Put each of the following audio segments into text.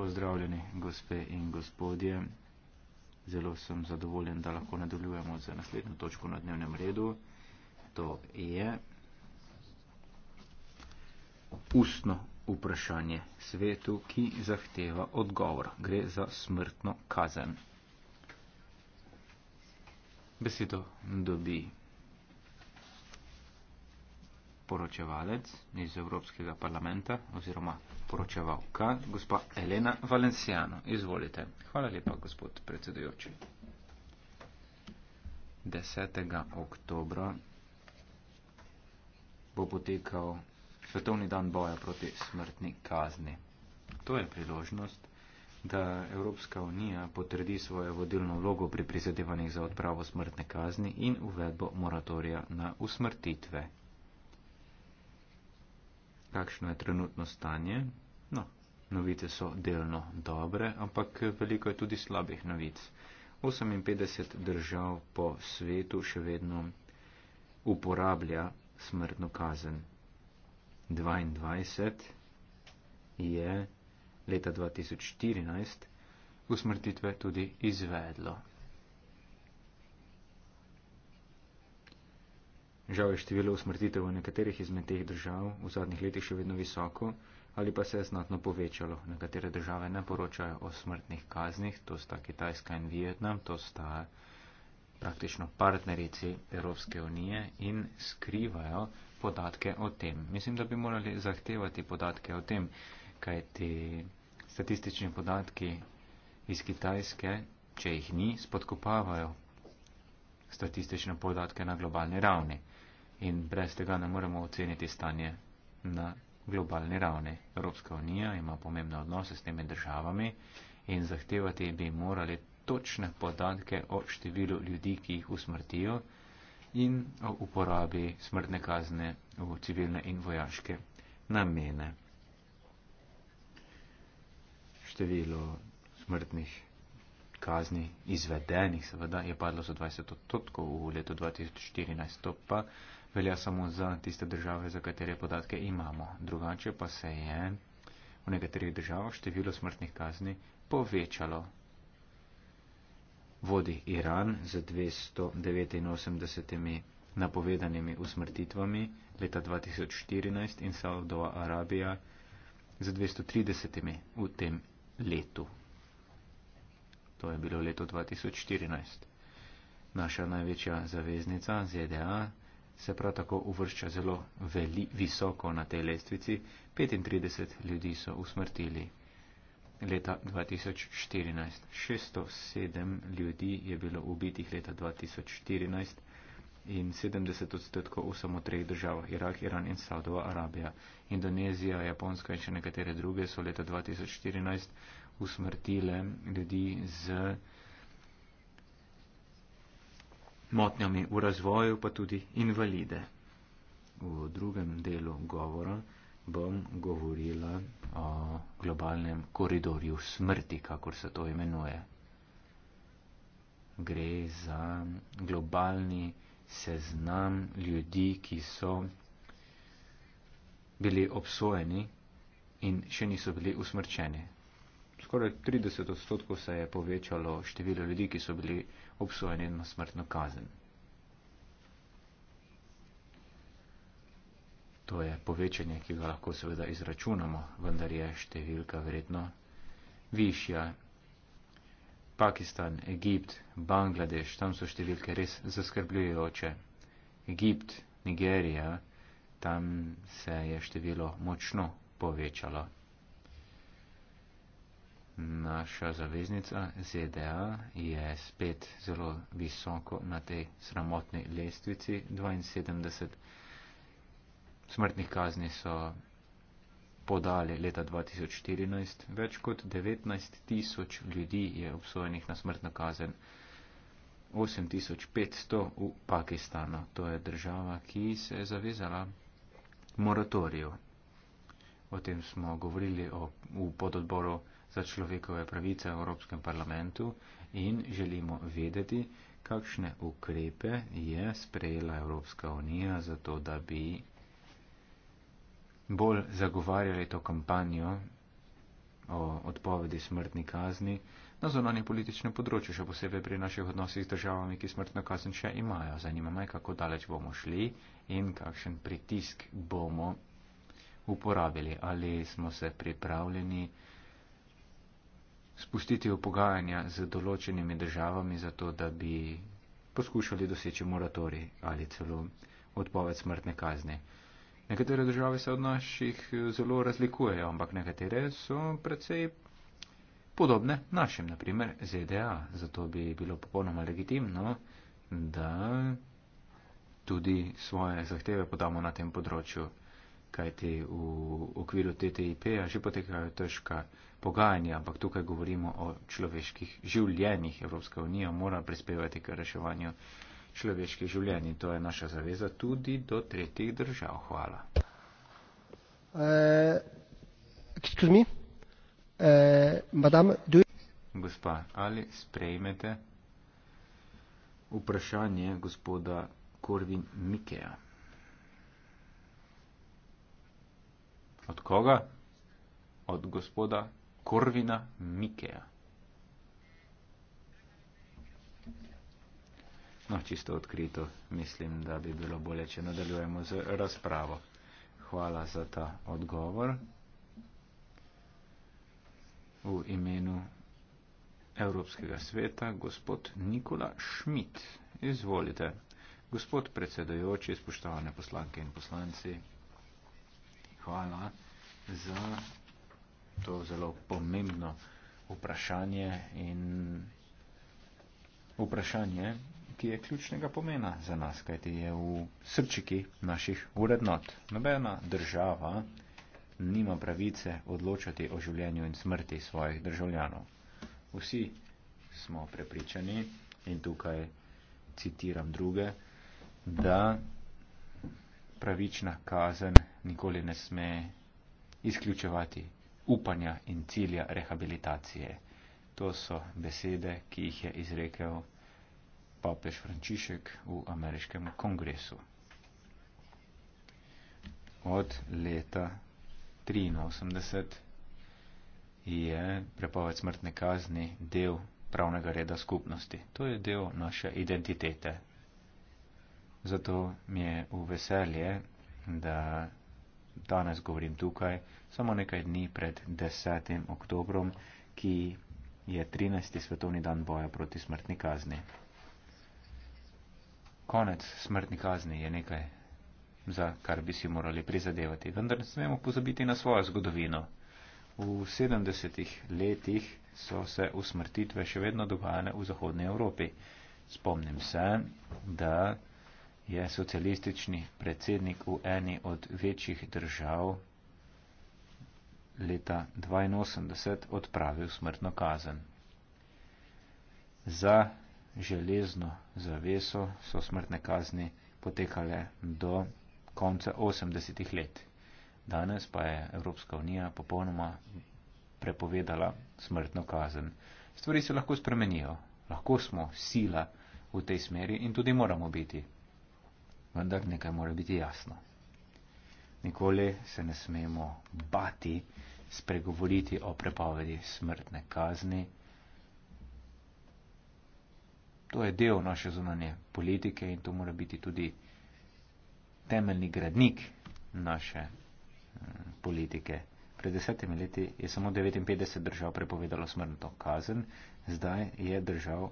pozdravljeni, gospe in gospodje. Zelo sem zadovoljen, da lahko nadaljujemo za naslednjo točko na dnevnem redu. To je ustno vprašanje svetu, ki zahteva odgovor. Gre za smrtno kazen. Besedo dobi poročevalec iz Evropskega parlamenta oziroma poročevalka, gospa Elena Valenciano. Izvolite. Hvala lepa, gospod predsedujoči. 10. oktobra bo potekal Svetovni dan boja proti smrtni kazni. To je priložnost, da Evropska unija potrdi svojo vodilno vlogo pri prizadevanjih za odpravo smrtne kazni in uvedbo moratorija na usmrtitve kakšno je trenutno stanje. No, novice so delno dobre, ampak veliko je tudi slabih novic. 58 držav po svetu še vedno uporablja smrtno kazen. 22 je leta 2014 usmrtitve tudi izvedlo. Žal je število usmrtitev v nekaterih izmed teh držav v zadnjih letih še vedno visoko ali pa se je znatno povečalo. Nekatere države ne poročajo o smrtnih kaznih, to sta Kitajska in Vietnam, to sta praktično partnerici Evropske unije in skrivajo podatke o tem. Mislim, da bi morali zahtevati podatke o tem, kaj ti statistični podatki iz Kitajske, če jih ni, spodkopavajo statistične podatke na globalni ravni in brez tega ne moremo oceniti stanje na globalni ravni. Evropska unija ima pomembne odnose s temi državami in zahtevati bi morali točne podatke o številu ljudi, ki jih usmrtijo in o uporabi smrtne kazne v civilne in vojaške namene. Število smrtnih kazni izvedenih seveda je padlo za 20 odstotkov v letu 2014, to pa velja samo za tiste države, za katere podatke imamo. Drugače pa se je v nekaterih državah število smrtnih kazni povečalo. Vodi Iran z 289 napovedanimi usmrtitvami leta 2014 in Saudova Arabija z 230 v tem letu. To je bilo leto 2014. Naša največja zaveznica ZDA se prav tako uvršča zelo veli, visoko na tej lestvici. 35 ljudi so usmrtili leta 2014. 607 ljudi je bilo ubitih leta 2014 in 70 odstotkov v samo treh državah - Irak, Iran in Saudova Arabija. Indonezija, Japonska in še nekatere druge so leta 2014 usmrtile ljudi z motnjami v razvoju, pa tudi invalide. V drugem delu govora bom govorila o globalnem koridorju smrti, kakor se to imenuje. Gre za globalni seznam ljudi, ki so bili obsojeni in še niso bili usmrčeni skoraj 30 odstotkov se je povečalo število ljudi, ki so bili obsojeni na smrtno kazen. To je povečanje, ki ga lahko seveda izračunamo, vendar je številka verjetno višja. Pakistan, Egipt, Bangladeš, tam so številke res zaskrbljujoče. Egipt, Nigerija, tam se je število močno povečalo naša zaveznica ZDA je spet zelo visoko na tej sramotni lestvici. 72 smrtnih kazni so podali leta 2014. Več kot 19 tisoč ljudi je obsojenih na smrtno kazen. 8500 v Pakistanu. To je država, ki se je zavezala moratoriju. O tem smo govorili o, v pododboru za človekove pravice v Evropskem parlamentu in želimo vedeti, kakšne ukrepe je sprejela Evropska unija za to, da bi bolj zagovarjali to kampanjo o odpovedi smrtni kazni na zunanje politične področje, še posebej pri naših odnosih z državami, ki smrtno kazen še imajo. Zanima me, kako daleč bomo šli in kakšen pritisk bomo uporabili. Ali smo se pripravljeni spustiti v pogajanja z določenimi državami, zato da bi poskušali doseči moratori ali celo odpoved smrtne kazni. Nekatere države se od naših eh, zelo razlikujejo, ampak nekatere so precej podobne našim, naprimer ZDA. Zato bi bilo popolnoma legitimno, da tudi svoje zahteve podamo na tem področju, kajti v okviru TTIP-a že potekajo težka pogajanja, ampak tukaj govorimo o človeških življenjih. Evropska unija mora prispevati k reševanju človeških življenj in to je naša zaveza tudi do tretjih držav. Hvala. Uh, Gospa, ali sprejmete vprašanje gospoda Korvin Mikeja? Od koga? Od gospoda Korvina Mikeja. No, čisto odkrito, mislim, da bi bilo bolje, če nadaljujemo z razpravo. Hvala za ta odgovor. V imenu Evropskega sveta, gospod Nikola Šmit. Izvolite. Gospod predsedojoči, spoštovane poslanke in poslanci, hvala za to zelo pomembno vprašanje in vprašanje, ki je ključnega pomena za nas, kajti je v srčiki naših urednot. Nobena država nima pravice odločati o življenju in smrti svojih državljanov. Vsi smo prepričani in tukaj citiram druge, da pravična kazen nikoli ne sme izključevati upanja in cilja rehabilitacije. To so besede, ki jih je izrekel papež Frančišek v ameriškem kongresu. Od leta 83 je prepoved smrtne kazni del pravnega reda skupnosti. To je del naše identitete. Zato mi je v veselje, da danes govorim tukaj, samo nekaj dni pred 10. oktobrom, ki je 13. svetovni dan boja proti smrtni kazni. Konec smrtni kazni je nekaj, za kar bi si morali prizadevati, vendar ne smemo pozabiti na svojo zgodovino. V 70. letih so se usmrtitve še vedno dogajale v Zahodnji Evropi. Spomnim se, da je socialistični predsednik v eni od večjih držav leta 82 odpravil smrtno kazen. Za železno zaveso so smrtne kazni potekale do konca 80-ih let. Danes pa je Evropska unija popolnoma prepovedala smrtno kazen. Stvari se lahko spremenijo, lahko smo sila v tej smeri in tudi moramo biti vendar nekaj mora biti jasno. Nikoli se ne smemo bati spregovoriti o prepovedi smrtne kazni. To je del naše zunanje politike in to mora biti tudi temeljni gradnik naše mm, politike. Pred desetimi leti je samo 59 držav prepovedalo smrtno kazen, zdaj je držav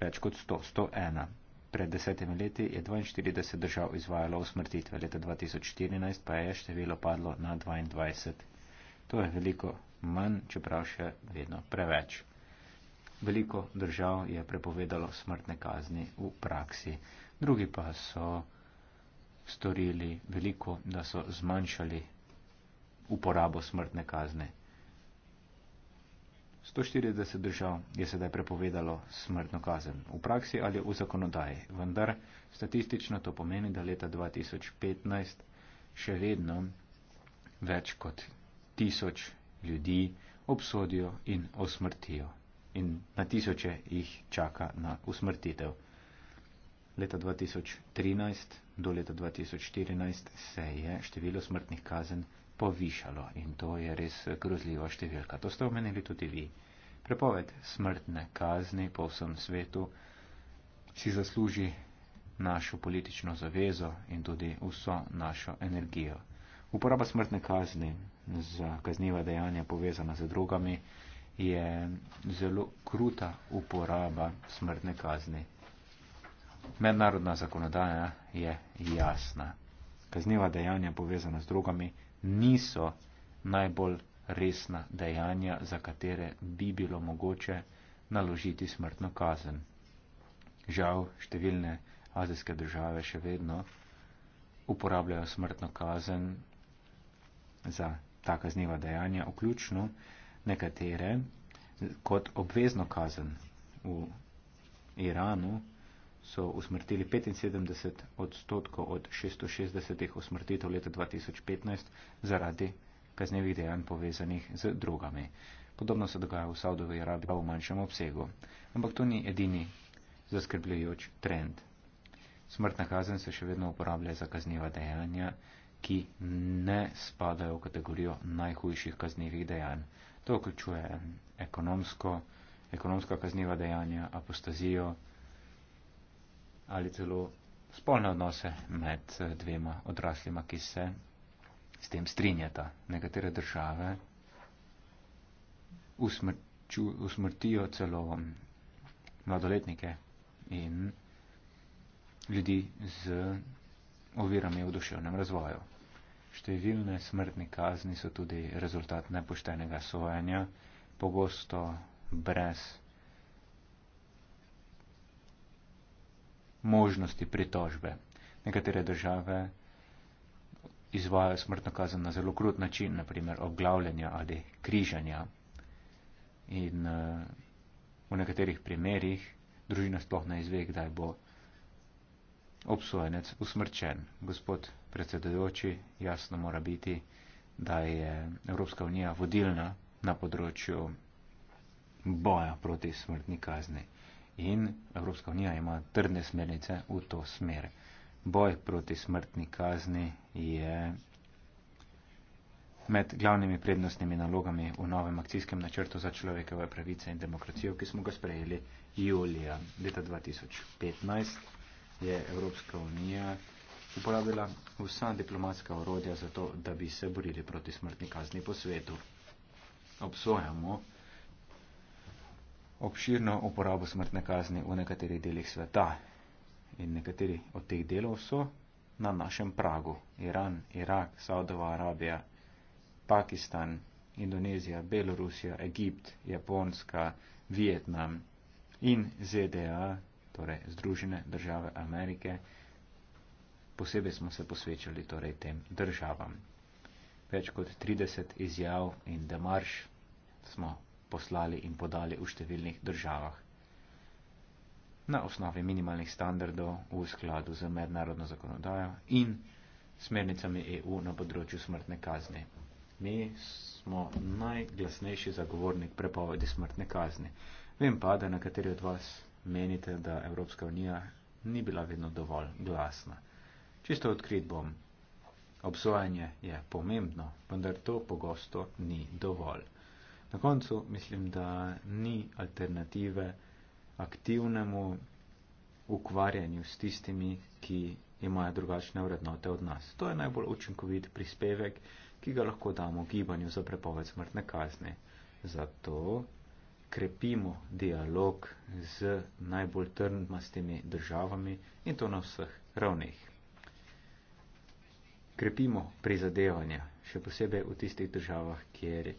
več kot 100, 101. Pred desetimi leti je 42 držav izvajalo usmrtitve, leta 2014 pa je število padlo na 22. To je veliko manj, čeprav še vedno preveč. Veliko držav je prepovedalo smrtne kazni v praksi, drugi pa so storili veliko, da so zmanjšali uporabo smrtne kazni. 140 držav je sedaj prepovedalo smrtno kazen v praksi ali v zakonodaji, vendar statistično to pomeni, da leta 2015 še vedno več kot tisoč ljudi obsodijo in osmrtijo in na tisoče jih čaka na usmrtitev. Leta 2013 do leta 2014 se je število smrtnih kazen povišalo in to je res grozljiva številka. To ste omenili tudi vi. Prepoved smrtne kazni po vsem svetu si zasluži našo politično zavezo in tudi vso našo energijo. Uporaba smrtne kazni za kazniva dejanja povezana z drugami je zelo kruta uporaba smrtne kazni. Mednarodna zakonodaja je jasna. Kazniva dejanja povezana z drugami niso najbolj resna dejanja, za katere bi bilo mogoče naložiti smrtno kazen. Žal, številne azijske države še vedno uporabljajo smrtno kazen za ta kazniva dejanja, vključno nekatere kot obvezno kazen. V Iranu so usmrtili 75 odstotkov od 660 usmrtitev leta 2015 zaradi kaznevih dejanj povezanih z drogami. Podobno se dogaja v Saudovi Arabiji v manjšem obsegu. Ampak to ni edini zaskrbljujoč trend. Smrtna kazen se še vedno uporablja za kazniva dejanja, ki ne spadajo v kategorijo najhujših kaznivih dejanj. To vključuje ekonomsko, ekonomska kazniva dejanja, apostazijo, ali celo spolne odnose med eh, dvema odraslima, ki se s tem strinjata. Nekatere države usmrču, usmrtijo celo mm, mladoletnike in ljudi z ovirami v duševnem razvoju. Številne smrtni kazni so tudi rezultat nepoštenega sojenja, pogosto brez možnosti pritožbe. Nekatere države izvajajo smrtno kazen na zelo krut način, naprimer obglavljanja ali križanja. In uh, v nekaterih primerjih družina sploh ne izve, kdaj bo obsojenec usmrčen. Gospod predsedujoči, jasno mora biti, da je Evropska unija vodilna na področju boja proti smrtni kazni in Evropska unija ima trdne smernice v to smer. Boj proti smrtni kazni je med glavnimi prednostnimi nalogami v novem akcijskem načrtu za človekove pravice in demokracijo, ki smo ga sprejeli julija leta 2015, je Evropska unija uporabila vsa diplomatska orodja za to, da bi se borili proti smrtni kazni po svetu. Obsojamo obširno uporabo smrtne kazni v nekaterih delih sveta. In nekateri od teh delov so na našem pragu. Iran, Irak, Saudova Arabija, Pakistan, Indonezija, Belorusija, Egipt, Japonska, Vietnam in ZDA, torej Združene države Amerike. Posebej smo se posvečali torej tem državam. Več kot 30 izjav in demarš smo poslali in podali v številnih državah na osnovi minimalnih standardov v skladu z mednarodno zakonodajo in smernicami EU na področju smrtne kazni. Mi smo najglasnejši zagovornik prepovedi smrtne kazni. Vem pa, da nekateri od vas menite, da Evropska unija ni bila vedno dovolj glasna. Čisto odkrit bom. Obsojanje je pomembno, vendar to pogosto ni dovolj. Na koncu mislim, da ni alternative aktivnemu ukvarjanju s tistimi, ki imajo drugačne vrednote od nas. To je najbolj učinkovit prispevek, ki ga lahko damo gibanju za prepoved smrtne kazni. Zato krepimo dialog z najbolj trdmastimi državami in to na vseh ravneh. Krepimo prizadevanja, še posebej v tistih državah, kjer je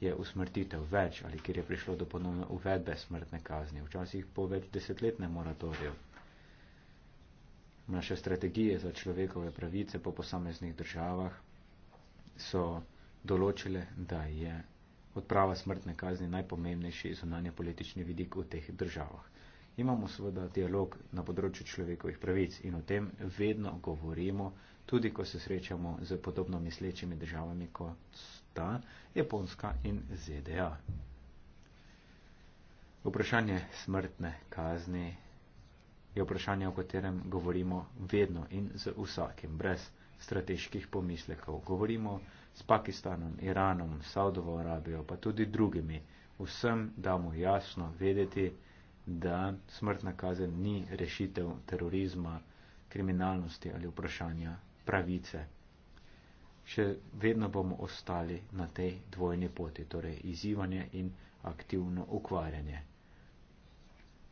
je usmrtitev več ali kjer je prišlo do ponovne uvedbe smrtne kazni, včasih po več desetletnem moratoriju. Naše strategije za človekove pravice po posameznih državah so določile, da je odprava smrtne kazni najpomembnejši zunanje politični vidik v teh državah. Imamo seveda dialog na področju človekovih pravic in o tem vedno govorimo, tudi ko se srečamo z podobno mislečimi državami kot Bhutan, Japonska in ZDA. Vprašanje smrtne kazni je vprašanje, o katerem govorimo vedno in z vsakim, brez strateških pomislekov. Govorimo s Pakistanom, Iranom, Saudovo Arabijo, pa tudi drugimi. Vsem damo jasno vedeti, da smrtna kazen ni rešitev terorizma, kriminalnosti ali vprašanja pravice še vedno bomo ostali na tej dvojni poti, torej izzivanje in aktivno ukvarjanje.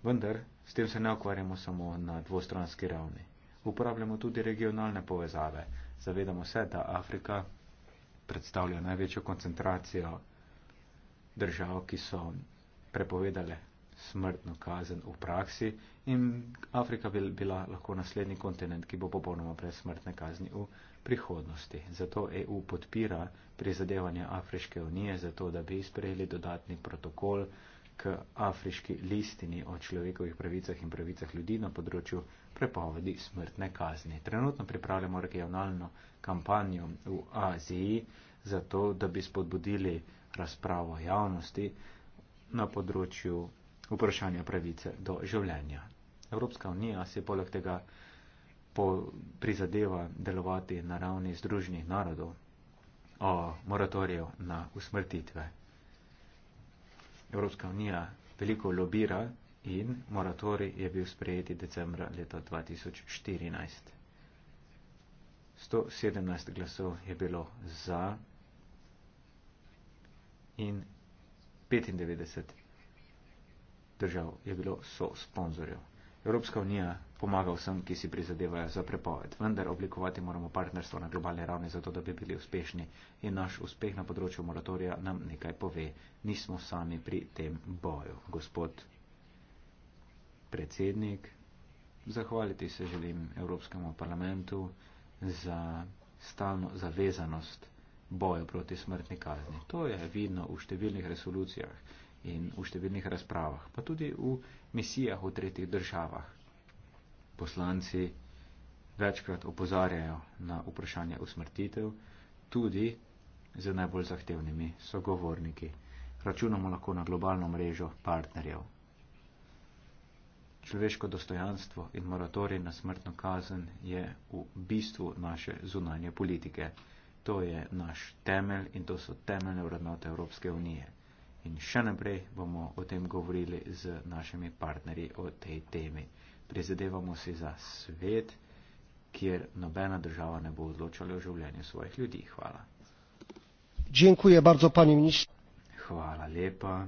Vendar s tem se ne ukvarjamo samo na dvostranski ravni. Uporabljamo tudi regionalne povezave. Zavedamo se, da Afrika predstavlja največjo koncentracijo držav, ki so prepovedale smrtno kazen v praksi in Afrika bi bila lahko naslednji kontinent, ki bo popolnoma brez smrtne kazni v prihodnosti. Zato EU podpira prizadevanje Afriške unije za to, da bi sprejeli dodatni protokol k afriški listini o človekovih pravicah in pravicah ljudi na področju prepovedi smrtne kazni. Trenutno pripravljamo regionalno kampanjo v Aziji za to, da bi spodbudili razpravo javnosti na področju vprašanja pravice do življenja. Evropska unija se poleg tega po prizadeva delovati na ravni združnih narodov o moratoriju na usmrtitve. Evropska unija veliko lobira in moratorij je bil sprejeti decembra leta 2014. 117 glasov je bilo za in 95 držav je bilo so sponzorjev. Evropska unija pomaga vsem, ki si prizadevajo za prepoved, vendar oblikovati moramo partnerstvo na globalni ravni, zato da bi bili uspešni in naš uspeh na področju moratorija nam nekaj pove. Nismo sami pri tem boju. Gospod predsednik, zahvaliti se želim Evropskemu parlamentu za stalno zavezanost boju proti smrtni kazni. To je vidno v številnih resolucijah in v številnih razpravah, pa tudi v misijah v tretjih državah. Poslanci večkrat opozarjajo na vprašanje usmrtitev, tudi z najbolj zahtevnimi sogovorniki. Računamo lahko na globalno mrežo partnerjev. Človeško dostojanstvo in moratorij na smrtno kazen je v bistvu naše zunanje politike. To je naš temelj in to so temeljne vrednote Evropske unije. In še naprej bomo o tem govorili z našimi partnerji o tej temi. Prizadevamo si za svet, kjer nobena država ne bo odločala o življenju svojih ljudi. Hvala. Dziękuję bardzo panie ministrze. Hvala lepa.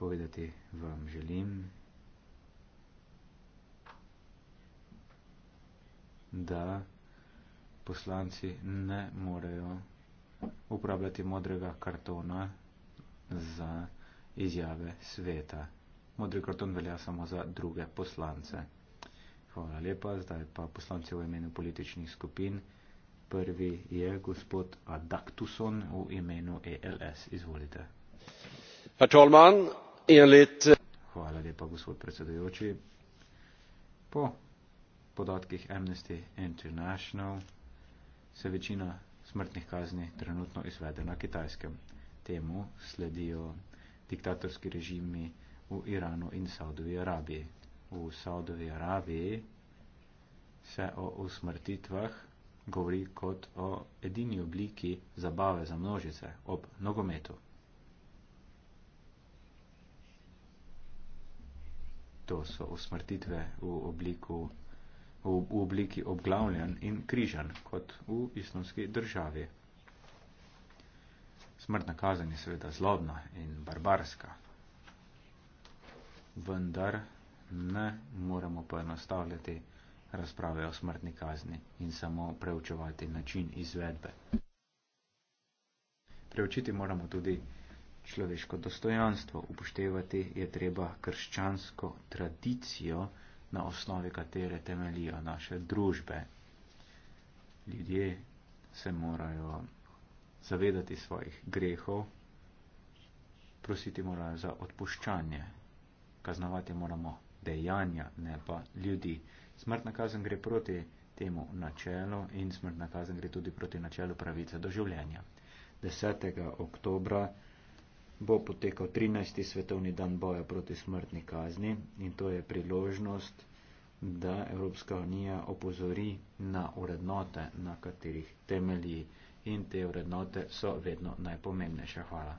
Povedati vam želim, da poslanci ne morejo uporabljati modrega kartona za izjave sveta. Modri karton velja samo za druge poslance. Hvala lepa, zdaj pa poslanci v imenu političnih skupin. Prvi je gospod Adaktuson v imenu ELS. Izvolite. Hvala lepa, gospod predsedujoči. Po podatkih Amnesty International se večina smrtnih kazni trenutno izvede na kitajskem. Temu sledijo diktatorski režimi v Iranu in Saudovi Arabiji. V Saudovi Arabiji se o usmrtitvah govori kot o edini obliki zabave za množice ob nogometu. To so usmrtitve v obliku v obliki obglavljen in križan, kot v islamski državi. Smrtna kazen je seveda zlobna in barbarska, vendar ne moremo poenostavljati razprave o smrtni kazni in samo preučevati način izvedbe. Preučiti moramo tudi človeško dostojanstvo, upoštevati je treba krščansko tradicijo, na osnovi katere temelijo naše družbe. Ljudje se morajo zavedati svojih grehov, prositi morajo za odpuščanje, kaznovati moramo dejanja, ne pa ljudi. Smrtna kazen gre proti temu načelu in smrtna kazen gre tudi proti načelu pravice do življenja. 10. oktobra bo potekal 13. svetovni dan boja proti smrtni kazni in to je priložnost, da Evropska unija opozori na urednote, na katerih temelji in te urednote so vedno najpomembnejše. Hvala.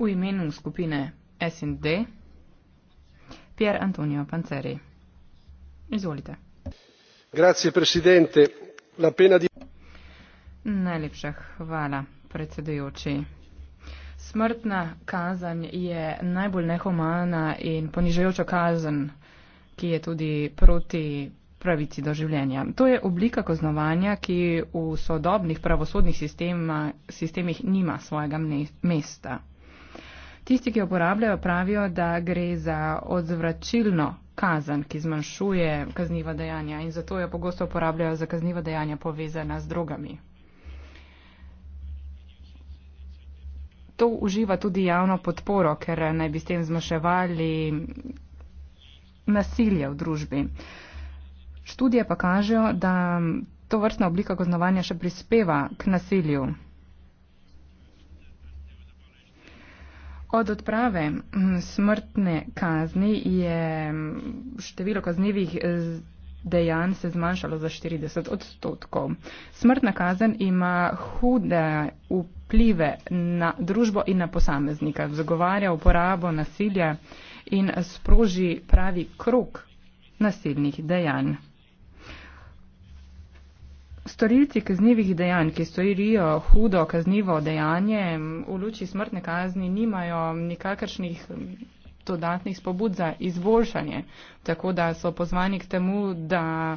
V imenu skupine SND Pier Antonio Panceri. Izvolite. Grazie, predsednik. Najlepša hvala predsedujoči. Smrtna kazan je najbolj nehumana in ponižajoča kazan, ki je tudi proti pravici do življenja. To je oblika kaznovanja, ki v sodobnih pravosodnih sistema, sistemih nima svojega mesta. Tisti, ki jo uporabljajo, pravijo, da gre za odzvračilno kazan, ki zmanjšuje kazniva dejanja in zato jo pogosto uporabljajo za kazniva dejanja povezana z drogami. to uživa tudi javno podporo, ker naj bi s tem zmaševali nasilje v družbi. Študije pa kažejo, da to vrstna oblika kaznovanja še prispeva k nasilju. Od odprave smrtne kazni je število kaznivih dejanj se zmanjšalo za 40 odstotkov. Smrtna kazen ima hude vplive na družbo in na posameznika. Zagovarja uporabo nasilja in sproži pravi krok nasilnih dejanj. Storilci kaznivih dejanj, ki storijo hudo kaznivo dejanje, v luči smrtne kazni nimajo nikakršnih dodatnih spobud za izboljšanje. Tako da so pozvani k temu, da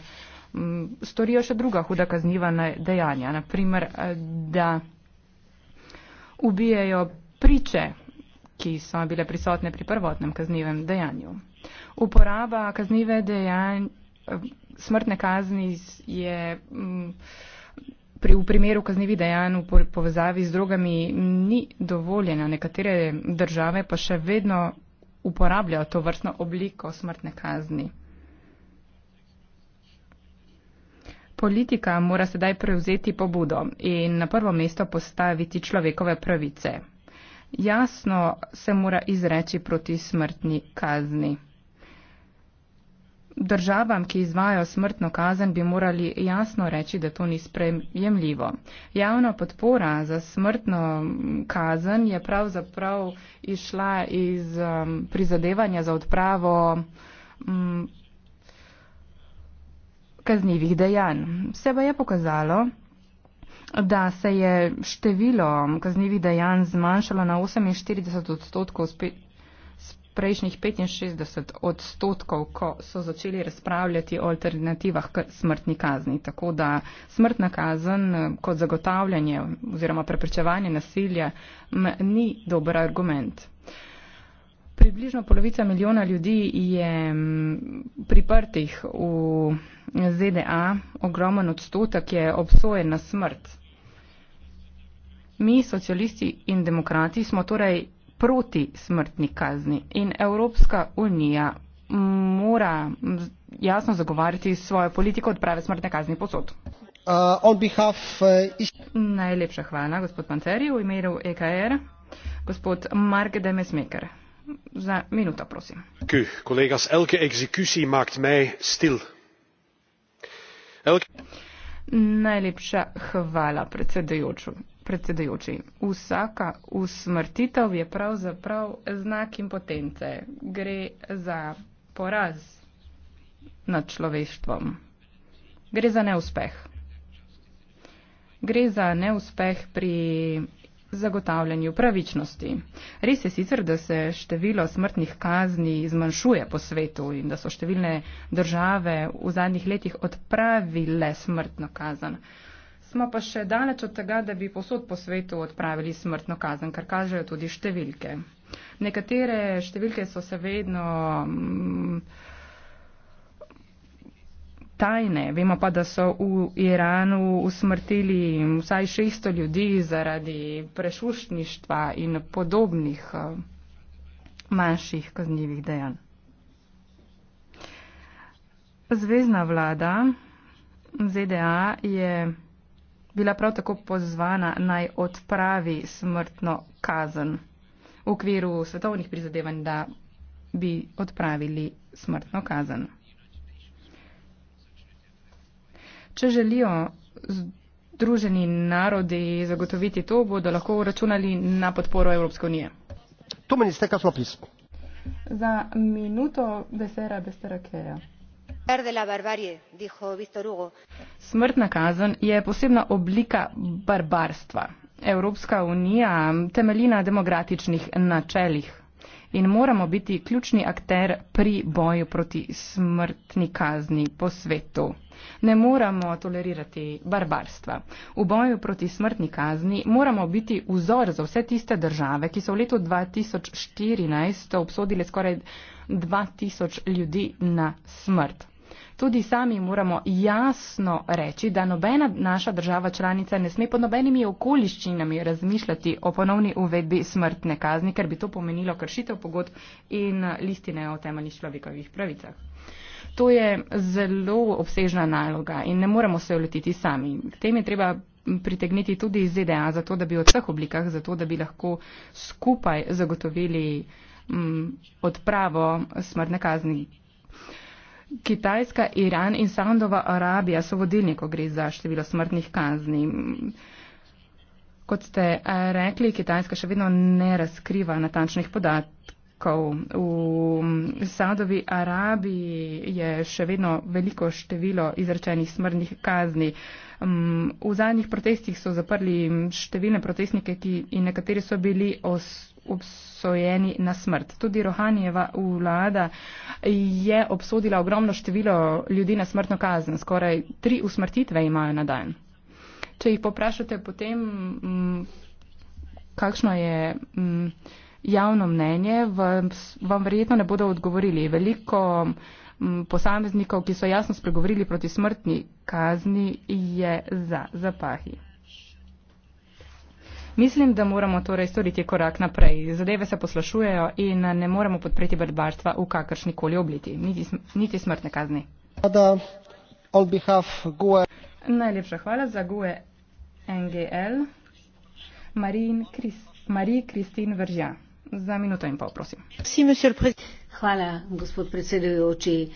m, mm, storijo še druga huda kazniva dejanja. Naprimer, da ubijajo priče, ki so bile prisotne pri prvotnem kaznivem dejanju. Uporaba kaznive dejanj, smrtne kazni je. M, mm, Pri, v primeru kaznjivih dejanj v povezavi z drogami ni dovoljena. Nekatere države pa še vedno uporabljajo to vrstno obliko smrtne kazni. Politika mora sedaj prevzeti pobudo in na prvo mesto postaviti človekove pravice. Jasno se mora izreči proti smrtni kazni. Državam, ki izvajo smrtno kazen, bi morali jasno reči, da to ni sprejemljivo. Javna podpora za smrtno kazen je pravzaprav išla iz um, prizadevanja za odpravo um, kaznjivih dejanj. Se pa je pokazalo, da se je število kaznjivih dejanj zmanjšalo na 48 odstotkov spet prejšnjih 65 odstotkov, ko so začeli razpravljati o alternativah k smrtni kazni. Tako da smrtna kazen kot zagotavljanje oziroma preprečevanje nasilja ni dober argument. Približno polovica milijona ljudi je priprtih v ZDA, ogromen odstotek je obsojen na smrt. Mi, socialisti in demokrati, smo torej proti smrtni kazni in Evropska unija mora jasno zagovarjati svojo politiko odprave smrtne kazni posod. Uh, on behalf, uh, Najlepša hvala, gospod Panteri, v imenu EKR, gospod Mark Demesmaker. Za minuto, prosim. Q, kolegas, elke execucij maakt mij stil. Elke... Najlepša hvala, predsedujoču predsedujoči. Vsaka usmrtitev je pravzaprav znak impotence. Gre za poraz nad človeštvom. Gre za neuspeh. Gre za neuspeh pri zagotavljanju pravičnosti. Res je sicer, da se število smrtnih kazni zmanjšuje po svetu in da so številne države v zadnjih letih odpravile smrtno kazen smo pa še daleč od tega, da bi posod po svetu odpravili smrtno kazen, kar kažejo tudi številke. Nekatere številke so se vedno mm, tajne. Vemo pa, da so v Iranu usmrtili vsaj 600 ljudi zaradi prešuštništva in podobnih eh, manjših kaznjivih dejanj. Zvezdna vlada ZDA je bila prav tako pozvana naj odpravi smrtno kazen v okviru svetovnih prizadevanj, da bi odpravili smrtno kazen. Če želijo združeni narodi zagotoviti to, bodo lahko računali na podporo Evropske unije. To meni steka slopis. Za minuto besera besterakeja smrtna kazen je posebna oblika barbarstva. Evropska unija temelji na demokratičnih načelih in moramo biti ključni akter pri boju proti smrtni kazni po svetu. Ne moramo tolerirati barbarstva. V boju proti smrtni kazni moramo biti vzor za vse tiste države, ki so v letu 2014 obsodile skoraj 2000 ljudi na smrt tudi sami moramo jasno reči, da nobena naša država članica ne sme pod nobenimi okoliščinami razmišljati o ponovni uvedbi smrtne kazni, ker bi to pomenilo kršitev pogodb in listine o temeljnih človekovih pravicah. To je zelo obsežna naloga in ne moremo se jo letiti sami. K tem je treba pritegniti tudi iz ZDA, zato da bi v vseh oblikah, zato da bi lahko skupaj zagotovili mm, odpravo smrtne kazni, Kitajska, Iran in Saudova Arabija so vodilni, ko gre za število smrtnih kazni. Kot ste eh, rekli, Kitajska še vedno ne razkriva natančnih podatkov. V mm, Saudovi Arabiji je še vedno veliko število izrečenih smrtnih kazni. Mm, v zadnjih protestih so zaprli mm, številne protestnike, ki in nekateri so bili obsojeni obsojeni na smrt. Tudi Rohanjeva vlada je obsodila ogromno število ljudi na smrtno kazen, skoraj tri usmrtitve imajo na dan. Če jih poprašate potem, mm, kakšno je mm, javno mnenje, vam verjetno ne bodo odgovorili. Veliko mm, posameznikov, ki so jasno spregovorili proti smrtni kazni, je za zapahi. Mislim, da moramo torej storiti korak naprej. Zadeve se poslašujejo in ne moremo podpreti barbarstva v kakršnikoli obliki, niti, niti smrtne kazni. Najlepša hvala za GUE NGL. Marij Kristin Vržja. Za minuto in pol, prosim. Hvala, gospod predsedujoči.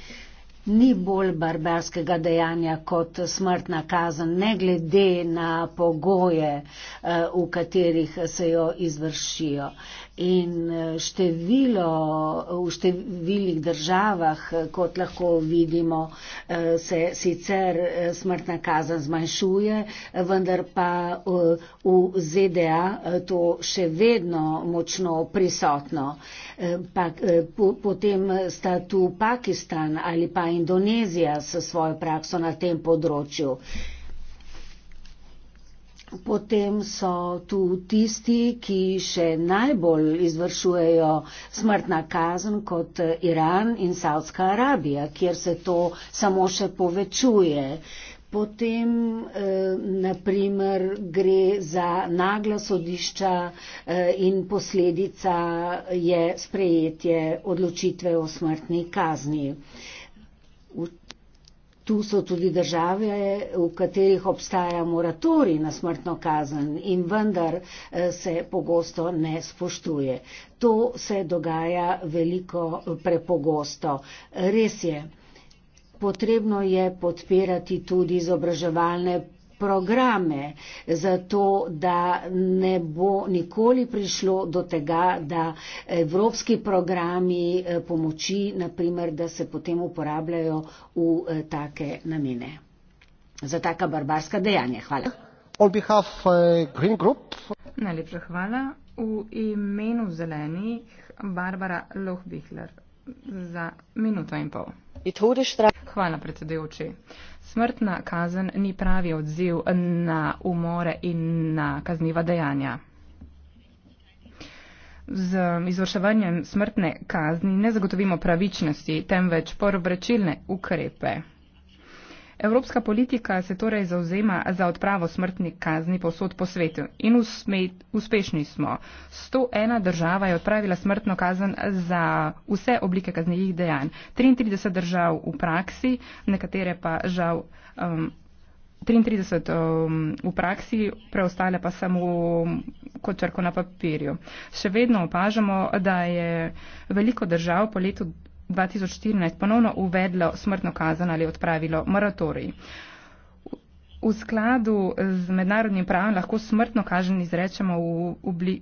Ni bolj barbarskega dejanja kot smrtna kazen, ne glede na pogoje, eh, v katerih se jo izvršijo in eh, število v številnih državah, eh, kot lahko vidimo, eh, se sicer smrtna kazen zmanjšuje, vendar pa v ZDA to še vedno močno prisotno. Pa, potem sta tu Pakistan ali pa Indonezija s svojo prakso na tem področju. Potem so tu tisti, ki še najbolj izvršujejo smrtna kazen kot Iran in Saudska Arabija, kjer se to samo še povečuje. Potem, eh, naprimer, gre za nagla sodišča eh, in posledica je sprejetje odločitve o smrtni kazni. Tu so tudi države, v katerih obstaja moratorij na smrtno kazen in vendar eh, se pogosto ne spoštuje. To se dogaja veliko eh, prepogosto. Res je, potrebno je podpirati tudi izobraževalne programe, zato da ne bo nikoli prišlo do tega, da evropski programi eh, pomoči, naprimer, da se potem uporabljajo v eh, take namene. Za taka barbarska dejanja. Hvala. On behalf uh, Green Group. Najlepša hvala. V imenu zelenih Barbara Lohbichler za minuto in pol. Hvala predsedujoči. Smrtna kazen ni pravi odziv na umore in na kazniva dejanja. Z izvrševanjem smrtne kazni ne zagotovimo pravičnosti, temveč porobrečilne ukrepe. Evropska politika se torej zauzema za odpravo smrtni kazni posod po svetu in usme, uspešni smo. 101 država je odpravila smrtno kazen za vse oblike kaznjivih dejanj. 33 držav v praksi, nekatere pa žal. Um, 33 um, v praksi, preostale pa samo kot črko na papirju. Še vedno opažamo, da je veliko držav po letu 2014 ponovno uvedlo smrtno kazen ali odpravilo moratorij. V skladu z mednarodnim pravom lahko smrtno kažen izrečemo v, v, bli,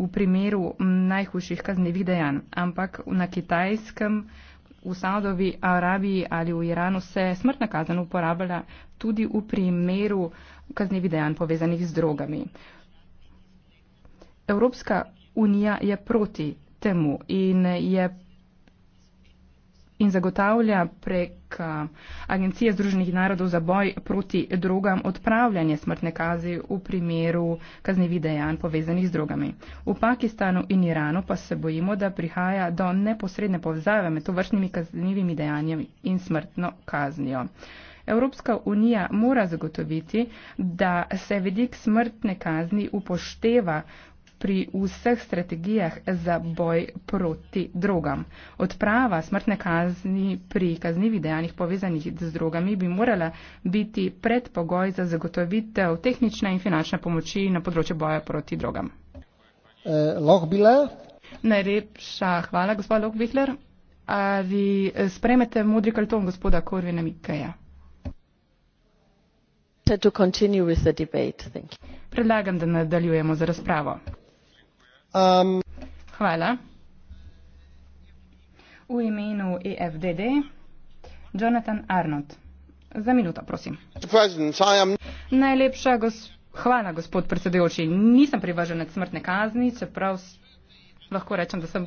v primeru najhujših kaznevih dejanj, ampak na kitajskem, v Saudovi Arabiji ali v Iranu se smrtna kazen uporablja tudi v primeru kaznevih dejanj povezanih z drogami. Evropska unija je proti temu in je in zagotavlja prek Agencije Združenih narodov za boj proti drogam odpravljanje smrtne kazi v primeru kaznevih dejanj povezanih z drogami. V Pakistanu in Iranu pa se bojimo, da prihaja do neposredne povzave med tovršnimi kaznevimi dejanjami in smrtno kaznijo. Evropska unija mora zagotoviti, da se vedik smrtne kazni upošteva pri vseh strategijah za boj proti drogam. Odprava smrtne kazni pri kaznjivih dejanjih povezanih z drogami bi morala biti predpogoj za zagotovitev tehnične in finančne pomoči na področju boja proti drogam. Eh, lahko bila. Najlepša hvala, gospod Lokvihler. Ali eh, spremete modri kalton gospoda Korvina Mikkeja? Predlagam, da nadaljujemo z razpravo. Um, Hvala. V imenu EFDD, Jonathan Arnold. Za minuto, prosim. Am... Najlepša gos... hvala, gospod predsedujoči. Nisem privrženec smrtne kazni, čeprav lahko rečem, da sem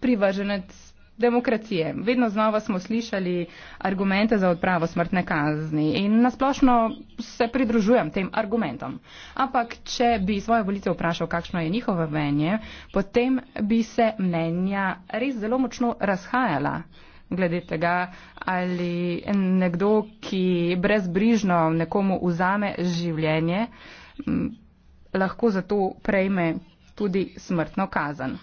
privrženec demokracije. Vedno znova smo slišali argumente za odpravo smrtne kazni in nasplošno se pridružujem tem argumentom. Ampak, če bi svoje volitev vprašal, kakšno je njihovo mnenje, potem bi se mnenja res zelo močno razhajala. Glede tega, ali nekdo, ki brezbrižno nekomu vzame življenje, lahko za to prejme tudi smrtno kazen.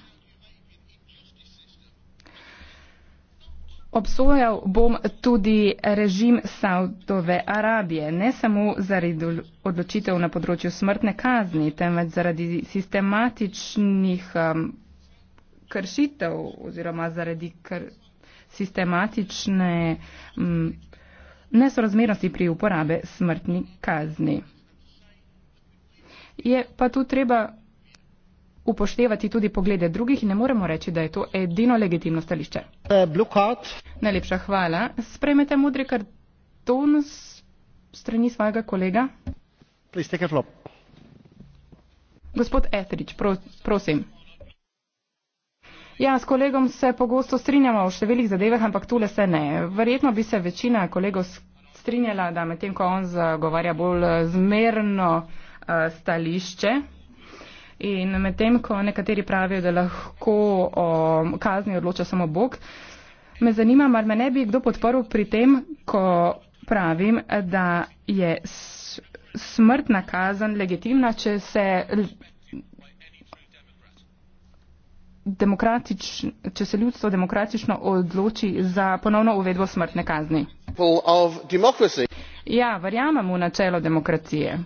Obsojal bom tudi režim Saudove Arabije, ne samo zaradi odločitev na področju smrtne kazni, temveč zaradi sistematičnih um, kršitev oziroma zaradi kr sistematične um, nesorazmernosti pri uporabe smrtni kazni. Je pa tu treba upoštevati tudi poglede drugih in ne moremo reči, da je to edino legitimno stališče. Uh, Najlepša hvala. Spremete modri karton s strani svojega kolega? Gospod Etrič, pros, prosim. Ja, s kolegom se pogosto strinjamo o številnih zadevah, ampak tule se ne. Verjetno bi se večina kolegov strinjala, da medtem, ko on zagovarja bolj zmerno uh, stališče, In medtem, ko nekateri pravijo, da lahko o kazni odloča samo Bog, me zanima, ali me ne bi kdo podporil pri tem, ko pravim, da je smrtna kazen legitimna, če se demokratično, če se ljudstvo demokratično odloči za ponovno uvedbo smrtne kazni. Ja, verjamem v načelo demokracije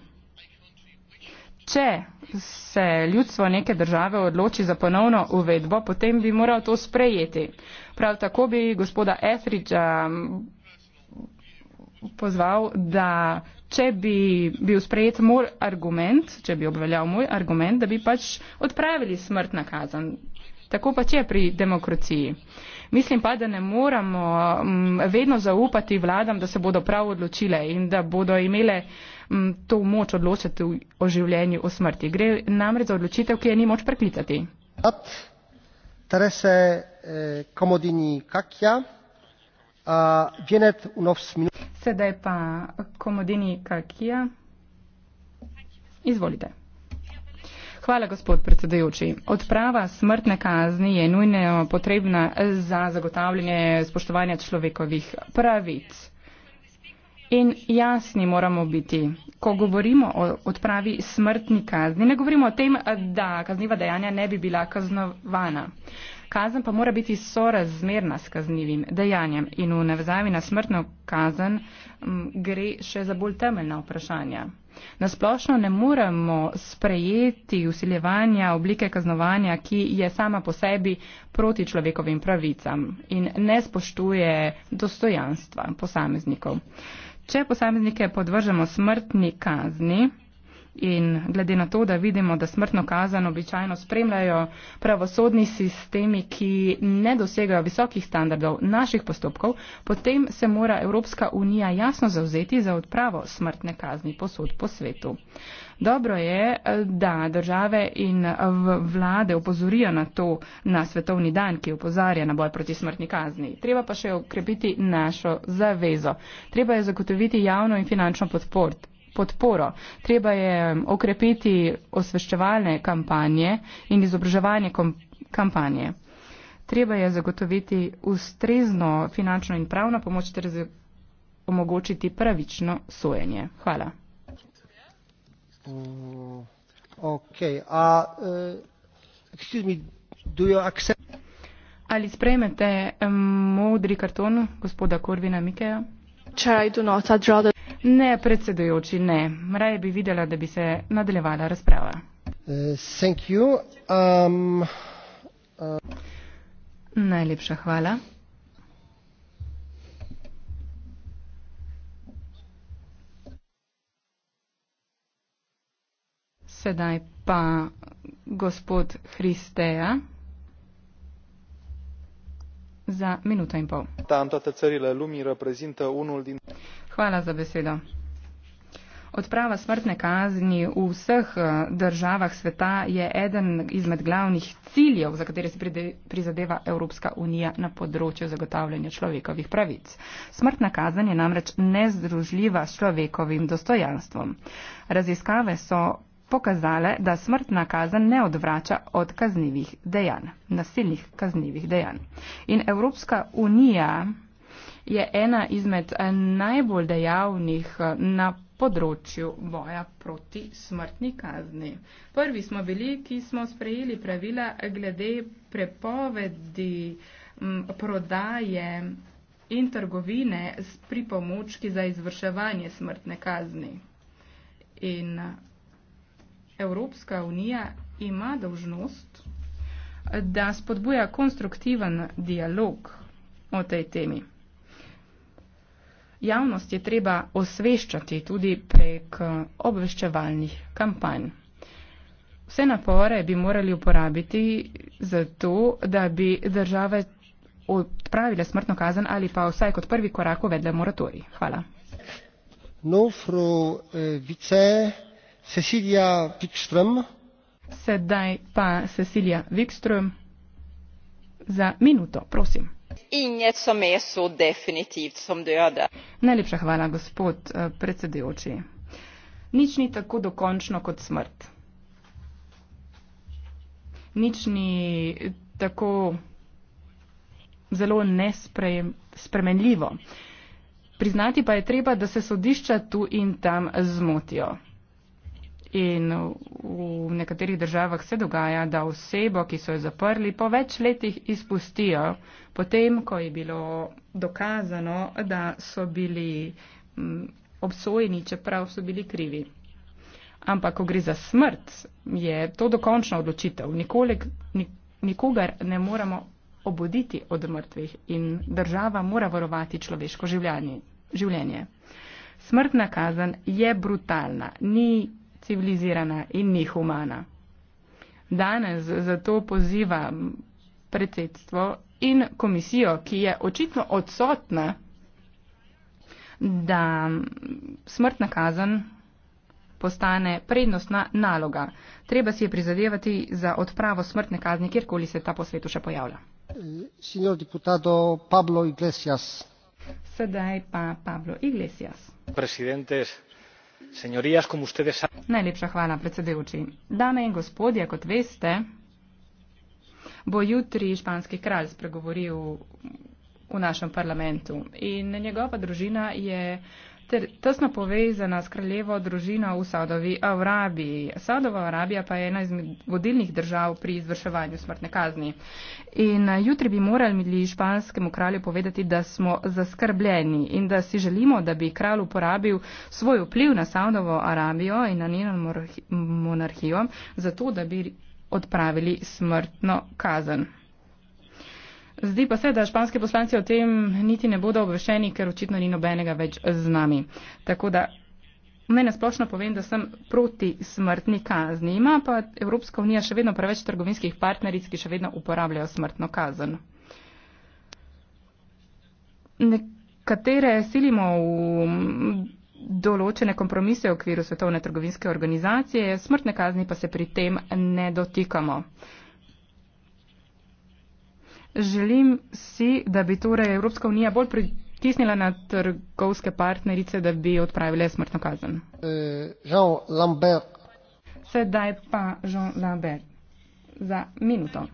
če se ljudstvo neke države odloči za ponovno uvedbo, potem bi moral to sprejeti. Prav tako bi gospoda Etheridgea mm, pozval, da če bi bil sprejet moj argument, če bi obveljal moj argument, da bi pač odpravili smrtna kazen. Tako pač je pri demokraciji. Uh, Mislim pa, da ne moramo mm, vedno zaupati vladam, da se bodo prav odločile in da bodo imele mm, to moč odločiti o življenju, o smrti. Gre namreč za odločitev, ki je ni moč preklicati. Terese eh, Komodini Kakja, Genet Unovsmin. Sedaj pa Komodini Kakija. Izvolite. Hvala, gospod predsedujoči. Odprava smrtne kazni je nujno potrebna za zagotavljanje spoštovanja človekovih pravic. In jasni moramo biti, ko govorimo o odpravi smrtni kazni, ne govorimo o tem, da kazniva dejanja ne bi bila kaznovana. Kazen pa mora biti sorazmerna s kaznjivim dejanjem in v nevzavi na smrtno kazen gre še za bolj temeljna vprašanja. Nasplošno ne moremo sprejeti usiljevanja oblike kaznovanja, ki je sama po sebi proti človekovim pravicam in ne spoštuje dostojanstva posameznikov. Če posameznike podvržemo smrtni kazni, In glede na to, da vidimo, da smrtno kazen običajno spremljajo pravosodni sistemi, ki ne dosegajo visokih standardov naših postopkov, potem se mora Evropska unija jasno zauzeti za odpravo smrtne kazni posod po svetu. Dobro je, da države in vlade opozorijo na to na svetovni dan, ki opozarja na boj proti smrtni kazni. Treba pa še okrepiti našo zavezo. Treba je zagotoviti javno in finančno podporo podporo. Treba je um, okrepiti osveščevalne kampanje in izobraževanje kampanje. Treba je zagotoviti ustrezno finančno in pravno pomoč ter omogočiti pravično sojenje. Hvala. Mm, okay, a, uh, me, do you accept... Ali sprejmete modri karton gospoda Korvina Mikeja? Če ne, ne odgovarjam. Ne, predsedujoči, ne. Raje bi videla, da bi se nadaljevala razprava. Uh, um, uh... Najlepša hvala. Sedaj pa gospod Hristeja za minuto in pol. Tanta Tecerila Lumira prezinta unul din. Hvala za besedo. Odprava smrtne kazni v vseh eh, državah sveta je eden izmed glavnih ciljev, za katere se prizadeva Evropska unija na področju zagotavljanja človekovih pravic. Smrtna kazen je namreč nezdružljiva s človekovim dostojanstvom. Raziskave so pokazale, da smrtna kazen ne odvrača od kaznivih dejanj, nasilnih kaznivih dejanj. In Evropska unija je ena izmed eh, najbolj dejavnih eh, na področju boja proti smrtni kazni. Prvi smo bili, ki smo sprejeli pravila glede prepovedi m, prodaje in trgovine s pripomočki za izvrševanje smrtne kazni. In eh, Evropska unija ima dožnost, da spodbuja konstruktiven dialog o tej temi. Javnost je treba osveščati tudi prek eh, obveščevalnih kampanj. Vse napore bi morali uporabiti za to, da bi države odpravile smrtno kazen ali pa vsaj kot prvi korak uvedle moratorij. Hvala. No, fru, eh, vice, Sedaj pa Cecilija Wikström za minuto, prosim. Najlepša hvala, gospod eh, predsedujoči. Nič ni tako dokončno kot smrt. Nič ni tako zelo nespremenljivo. Priznati pa je treba, da se sodišča tu in tam zmotijo. In v nekaterih državah se dogaja, da osebo, ki so jo zaprli, po več letih izpustijo, potem, ko je bilo dokazano, da so bili obsojeni, čeprav so bili krivi. Ampak, ko gre za smrt, je to dokončna odločitev. Nikolik, nikogar ne moramo obuditi od mrtvih in država mora varovati človeško življenje. Smrtna kazen je brutalna, ni civilizirana in nehumana. Danes zato pozivam predsedstvo in komisijo, ki je očitno odsotna, da smrtna kazen postane prednostna naloga. Treba si je prizadevati za odpravo smrtne kazni, kjerkoli se ta po svetu še pojavlja. Sedaj pa Pablo Iglesias. Señorías, como ustedes saben. Najlepša hvala, predsedujoči. Dame in gospodje, kot veste, bo jutri španski kralj spregovoril v našem parlamentu. In njegova družina je ter tesno povezana s kraljevo družino v Saudovi Arabiji. Saudova Arabija pa je ena izmed vodilnih držav pri izvrševanju smrtne kazni. In eh, jutri bi morali španskemu kralju povedati, da smo zaskrbljeni in da si želimo, da bi kralj uporabil svoj vpliv na Saudovo Arabijo in na njeno monarhijo, zato da bi odpravili smrtno kazen. Zdi pa se, da španske poslanci o tem niti ne bodo obveščeni, ker očitno ni nobenega več z nami. Tako da naj nasplošno povem, da sem proti smrtni kazni. Ima pa Evropska unija še vedno preveč trgovinskih partneric, ki še vedno uporabljajo smrtno kazen. Nekatere silimo v določene kompromise v okviru Svetovne trgovinske organizacije, smrtne kazni pa se pri tem ne dotikamo. Želim si, da bi torej Evropska unija bolj pritisnila na trgovske partnerice, da bi odpravile smrtno kazen. Eh, Jean Lambert. Sedaj pa Jean Lambert. Za minuto.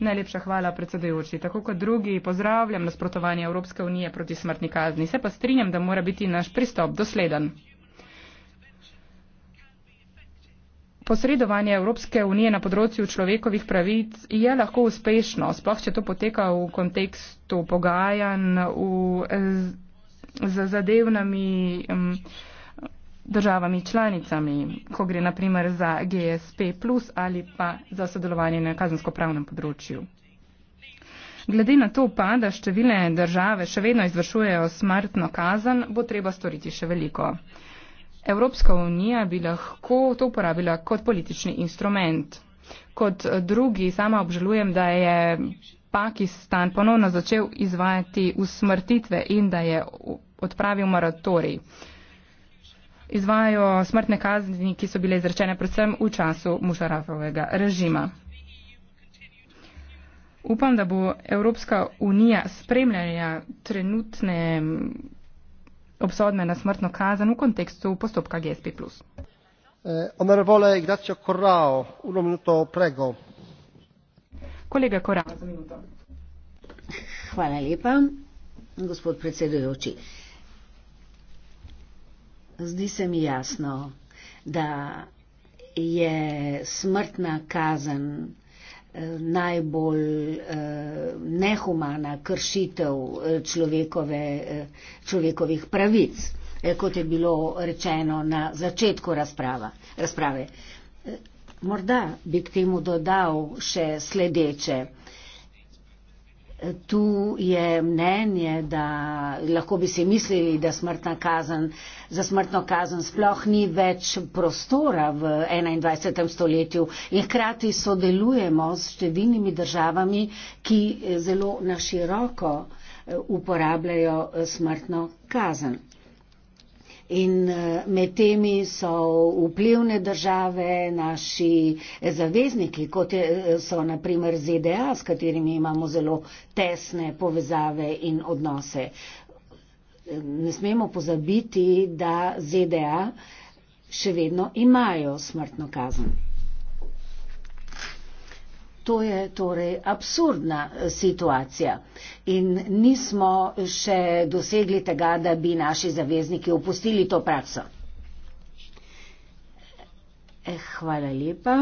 Najlepša hvala, predsedujoči. Tako kot drugi, pozdravljam nasprotovanje Evropske unije proti smrtni kazni. Se pa strinjam, da mora biti naš pristop dosleden. Posredovanje Evropske unije na področju človekovih pravic je lahko uspešno, sploh če to poteka v kontekstu pogajanj z zadevnami državami članicami, ko gre naprimer za GSP plus ali pa za sodelovanje na kazensko-pravnem področju. Glede na to pa, da številne države še vedno izvršujejo smrtno kazen, bo treba storiti še veliko. Evropska unija bi lahko to uporabila kot politični instrument. Kot eh, drugi, sama obžalujem, da je Pakistan ponovno začel izvajati usmrtitve in da je odpravil moratorij. Izvajajo smrtne kazni, ki so bile izrečene predvsem v času Mušarafovega režima. Upam, da bo Evropska unija spremljanja trenutne obsodbe na smrtno kazen v kontekstu postopka GSP. Eh, Kolega Korao, za minuto. Hvala lepa, gospod predsedujoči. Zdi se mi jasno, da je smrtna kazen najbolj eh, nehumana kršitev eh, človekove, eh, človekovih pravic, kot je bilo rečeno na začetku razprava, razprave. Morda bi k temu dodal še sledeče. Tu je mnenje, da lahko bi si mislili, da smrtna kazen, za smrtno kazen sploh ni več prostora v 21. stoletju in hkrati sodelujemo s številnimi državami, ki zelo naširoko eh, uporabljajo eh, smrtno kazen. In eh, med temi so vplivne države, naši zavezniki, kot eh, so naprimer ZDA, s katerimi imamo zelo tesne povezave in odnose. Ne smemo pozabiti, da ZDA še vedno imajo smrtno kazen. To je torej absurdna eh, situacija in nismo še dosegli tega, da bi naši zavezniki opustili to prakso. Eh, hvala lepa.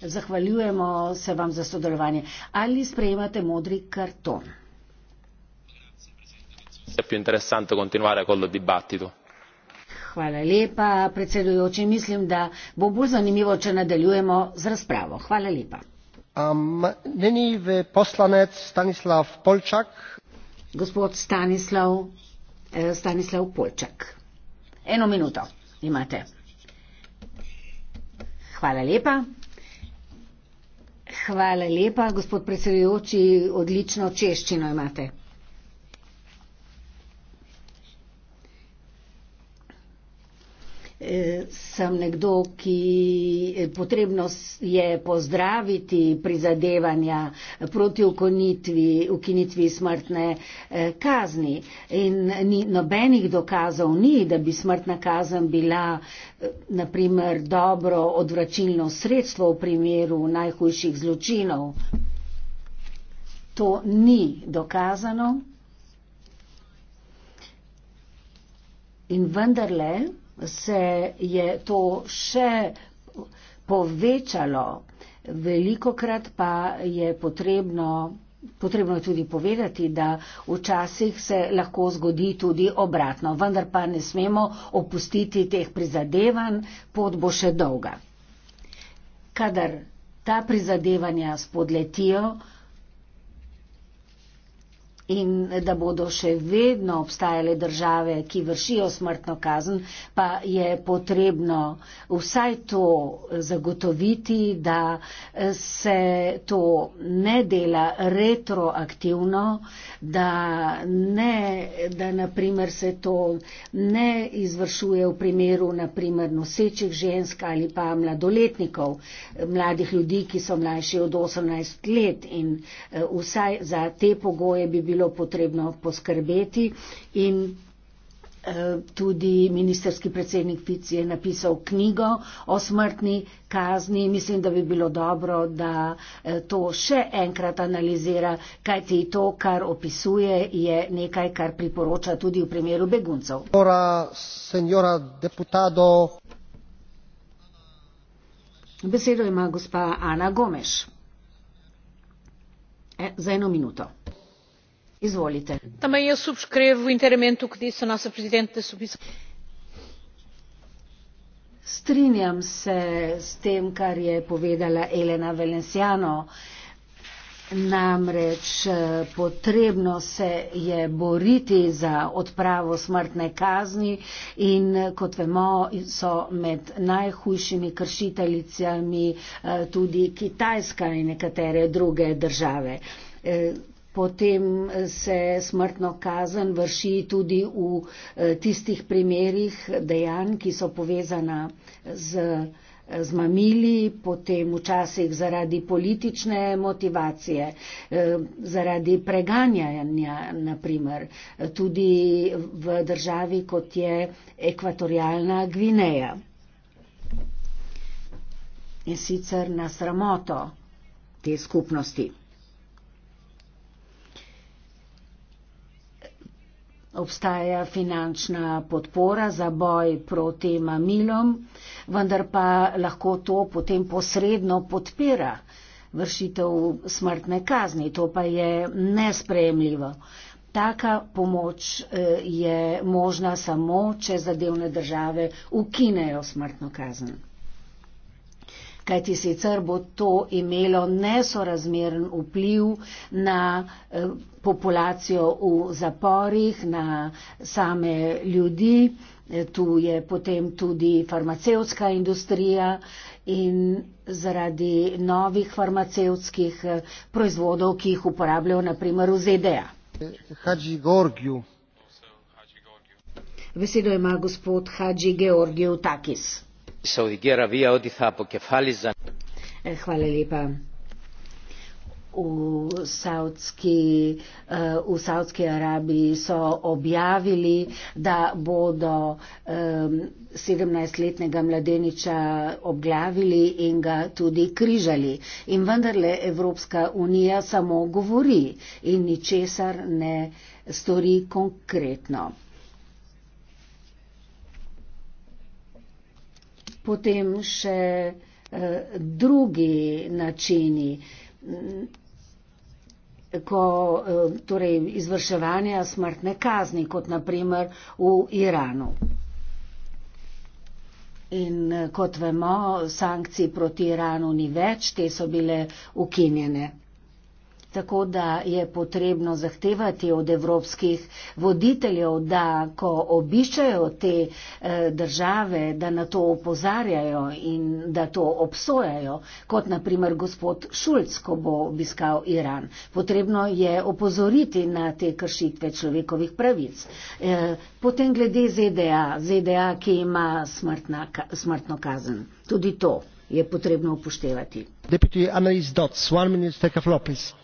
Zahvaljujemo se vam za sodelovanje. Ali sprejemate modri karton? Grazie, Hvala lepa, predsedujoči. Mislim, da bo bolj zanimivo, če nadaljujemo z razpravo. Hvala lepa. Um, Neni v poslanec Stanislav Polčak. Gospod Stanislav, eh, Stanislav Polčak. Eno minuto imate. Hvala lepa. Hvala lepa, gospod predsedujoči, odlično češčino imate. sem nekdo, ki eh, potrebno je pozdraviti prizadevanja proti ukonitvi, ukinitvi smrtne eh, kazni. In ni, nobenih dokazov ni, da bi smrtna kazen bila eh, naprimer dobro odvračilno sredstvo v primeru najhujših zločinov. To ni dokazano. In vendarle, se je to še povečalo. Veliko krat pa je potrebno, potrebno tudi povedati, da včasih se lahko zgodi tudi obratno, vendar pa ne smemo opustiti teh prizadevanj, pot bo še dolga. Kadar ta prizadevanja spodletijo, in da bodo še vedno obstajale države, ki vršijo smrtno kazen, pa je potrebno vsaj to zagotoviti, da se to ne dela retroaktivno, da, ne, da naprimer se to ne izvršuje v primeru naprimer nosečih žensk ali pa mladoletnikov, mladih ljudi, ki so mlajši od 18 let in eh, vsaj za te pogoje bi bilo bilo potrebno poskrbeti in eh, Tudi ministerski predsednik Fici je napisal knjigo o smrtni kazni. Mislim, da bi bilo dobro, da eh, to še enkrat analizira, kajti to, kar opisuje, je nekaj, kar priporoča tudi v primeru beguncev. Senjora, senjora deputado. Besedo ima gospa Ana Gomeš. E, za eno minuto também eu subscrevo inteiramente o que disse a nossa presidente da subcomissão. Strinjam se s tem, kar je povedala Elena Valenciano, namreč potrebno se je boriti za odpravo smrtne kazni in kot vemo, so med najhujšimi kršiteljicami eh, tudi Kitajska in nekatere druge države. Eh, potem se smrtno kazen vrši tudi v eh, tistih primerih dejanj, ki so povezana z, eh, z mamili, potem včasih zaradi politične motivacije, eh, zaradi preganjanja, naprimer, tudi v državi, kot je ekvatorialna Gvineja. In sicer na sramoto te skupnosti. obstaja finančna podpora za boj proti mamilom, vendar pa lahko to potem posredno podpira vršitev smrtne kazni. To pa je nesprejemljivo. Taka pomoč eh, je možna samo, če zadevne države ukinejo smrtno kazen. Kajti sicer bo to imelo nesorazmeren vpliv na eh, populacijo v zaporih, na same ljudi, tu je potem tudi farmacevtska industrija in zaradi novih farmacevtskih eh, proizvodov, ki jih uporabljajo naprimer v ZDA. Hadži Gorgiju. Besedo ima gospod Hadži Georgiju Takis. Eh, hvala lepa v Saudski, eh, v Saudski Arabiji so objavili, da bodo 17-letnega eh, mladeniča obglavili in ga tudi križali. In vendarle Evropska unija samo govori in ničesar ne stori konkretno. Potem še eh, drugi načini ko, eh, torej izvrševanja smrtne kazni, kot naprimer v Iranu. In eh, kot vemo, sankcij proti Iranu ni več, te so bile ukinjene. Tako da je potrebno zahtevati od evropskih voditeljev, da ko obiščajo te e, države, da na to opozarjajo in da to obsojajo, kot naprimer gospod Šulc, ko bo obiskal Iran. Potrebno je opozoriti na te kršitve človekovih pravic. E, potem glede ZDA, ZDA, ki ima smrtna, smrtno kazen. Tudi to je potrebno upoštevati. Deputy Annalise Dodds, one minute, take a flop, please.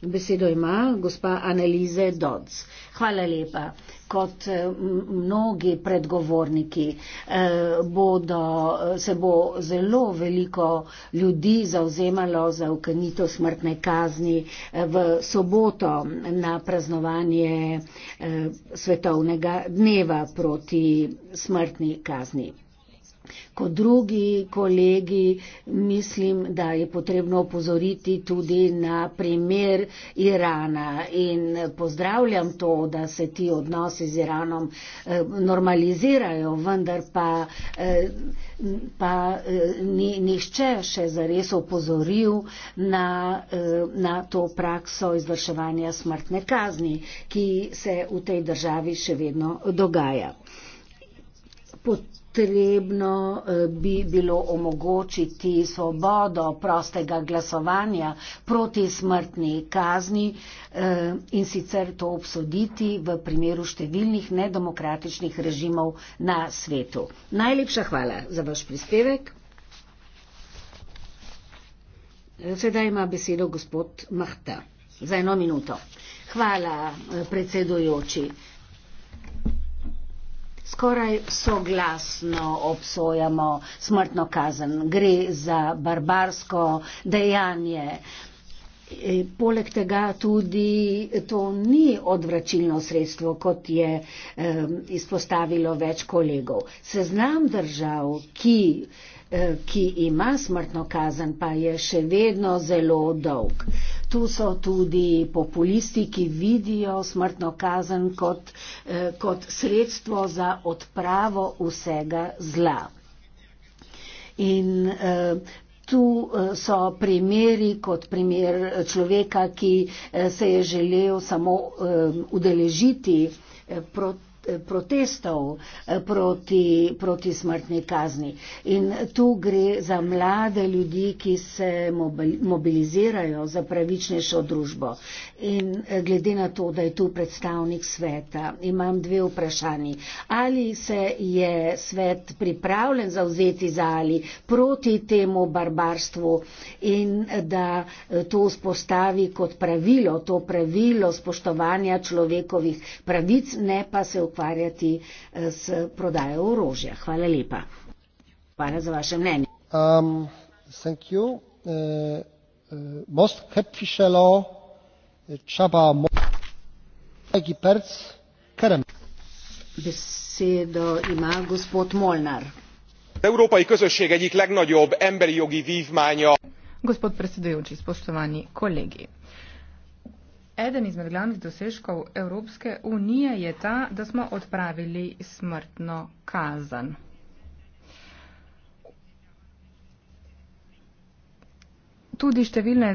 Besedo ima gospa Analize Dodds. Hvala lepa. Kot eh, mnogi predgovorniki eh, bodo, eh, se bo zelo veliko ljudi zauzemalo za ukanito smrtne kazni v soboto na praznovanje svetovnega dneva proti smrtni kazni. Kot drugi kolegi mislim, da je potrebno opozoriti tudi na primer Irana in pozdravljam to, da se ti odnosi z Iranom eh, normalizirajo, vendar pa, eh, pa eh, ni nišče še zares opozoril na, na to prakso izvrševanja smrtne kazni, ki se v tej državi še vedno dogaja. Pot potrebno eh, bi bilo omogočiti svobodo prostega glasovanja proti smrtni kazni eh, in sicer to obsoditi v primeru številnih nedemokratičnih režimov na svetu. Najlepša hvala za vaš prispevek. Sedaj ima besedo gospod Mahta za eno minuto. Hvala, eh, predsedujoči skoraj soglasno obsojamo smrtno kazen. Gre za barbarsko dejanje. E, poleg tega tudi to ni odvračilno sredstvo, kot je eh, izpostavilo več kolegov. Seznam držav, ki, eh, ki ima smrtno kazen, pa je še vedno zelo dolg. Eh, Tu so tudi populisti, ki vidijo smrtno kazen kot, eh, kot sredstvo za odpravo vsega zla. In eh, tu eh, so primeri kot primer človeka, ki se je želel samo udeležiti proti protestov eh, proti, proti smrtni kazni. In tu gre za mlade ljudi, ki se mobilizirajo za pravičnejšo družbo. In eh, glede na to, da je tu predstavnik sveta, imam dve vprašanji. Ali se je svet pripravljen zauzeti za ali proti temu barbarstvu in da eh, to spostavi kot pravilo, to pravilo spoštovanja človekovih pravic, ne pa se ukvarjati ukvarjati eh, s prodajo orožja. Hvala lepa. Hvala za vaše mnenje. Um, thank you. Uh, uh, most Köpfische Law, Čaba Egiperc, Kerem. Besedo ima gospod Molnar. Európai közösség egyik legnagyobb emberi jogi vívmánya. Gospod predsedujúci, spoštovani kolegi. Eden izmed glavnih dosežkov Evropske unije je ta, da smo odpravili smrtno kazan. Tudi številne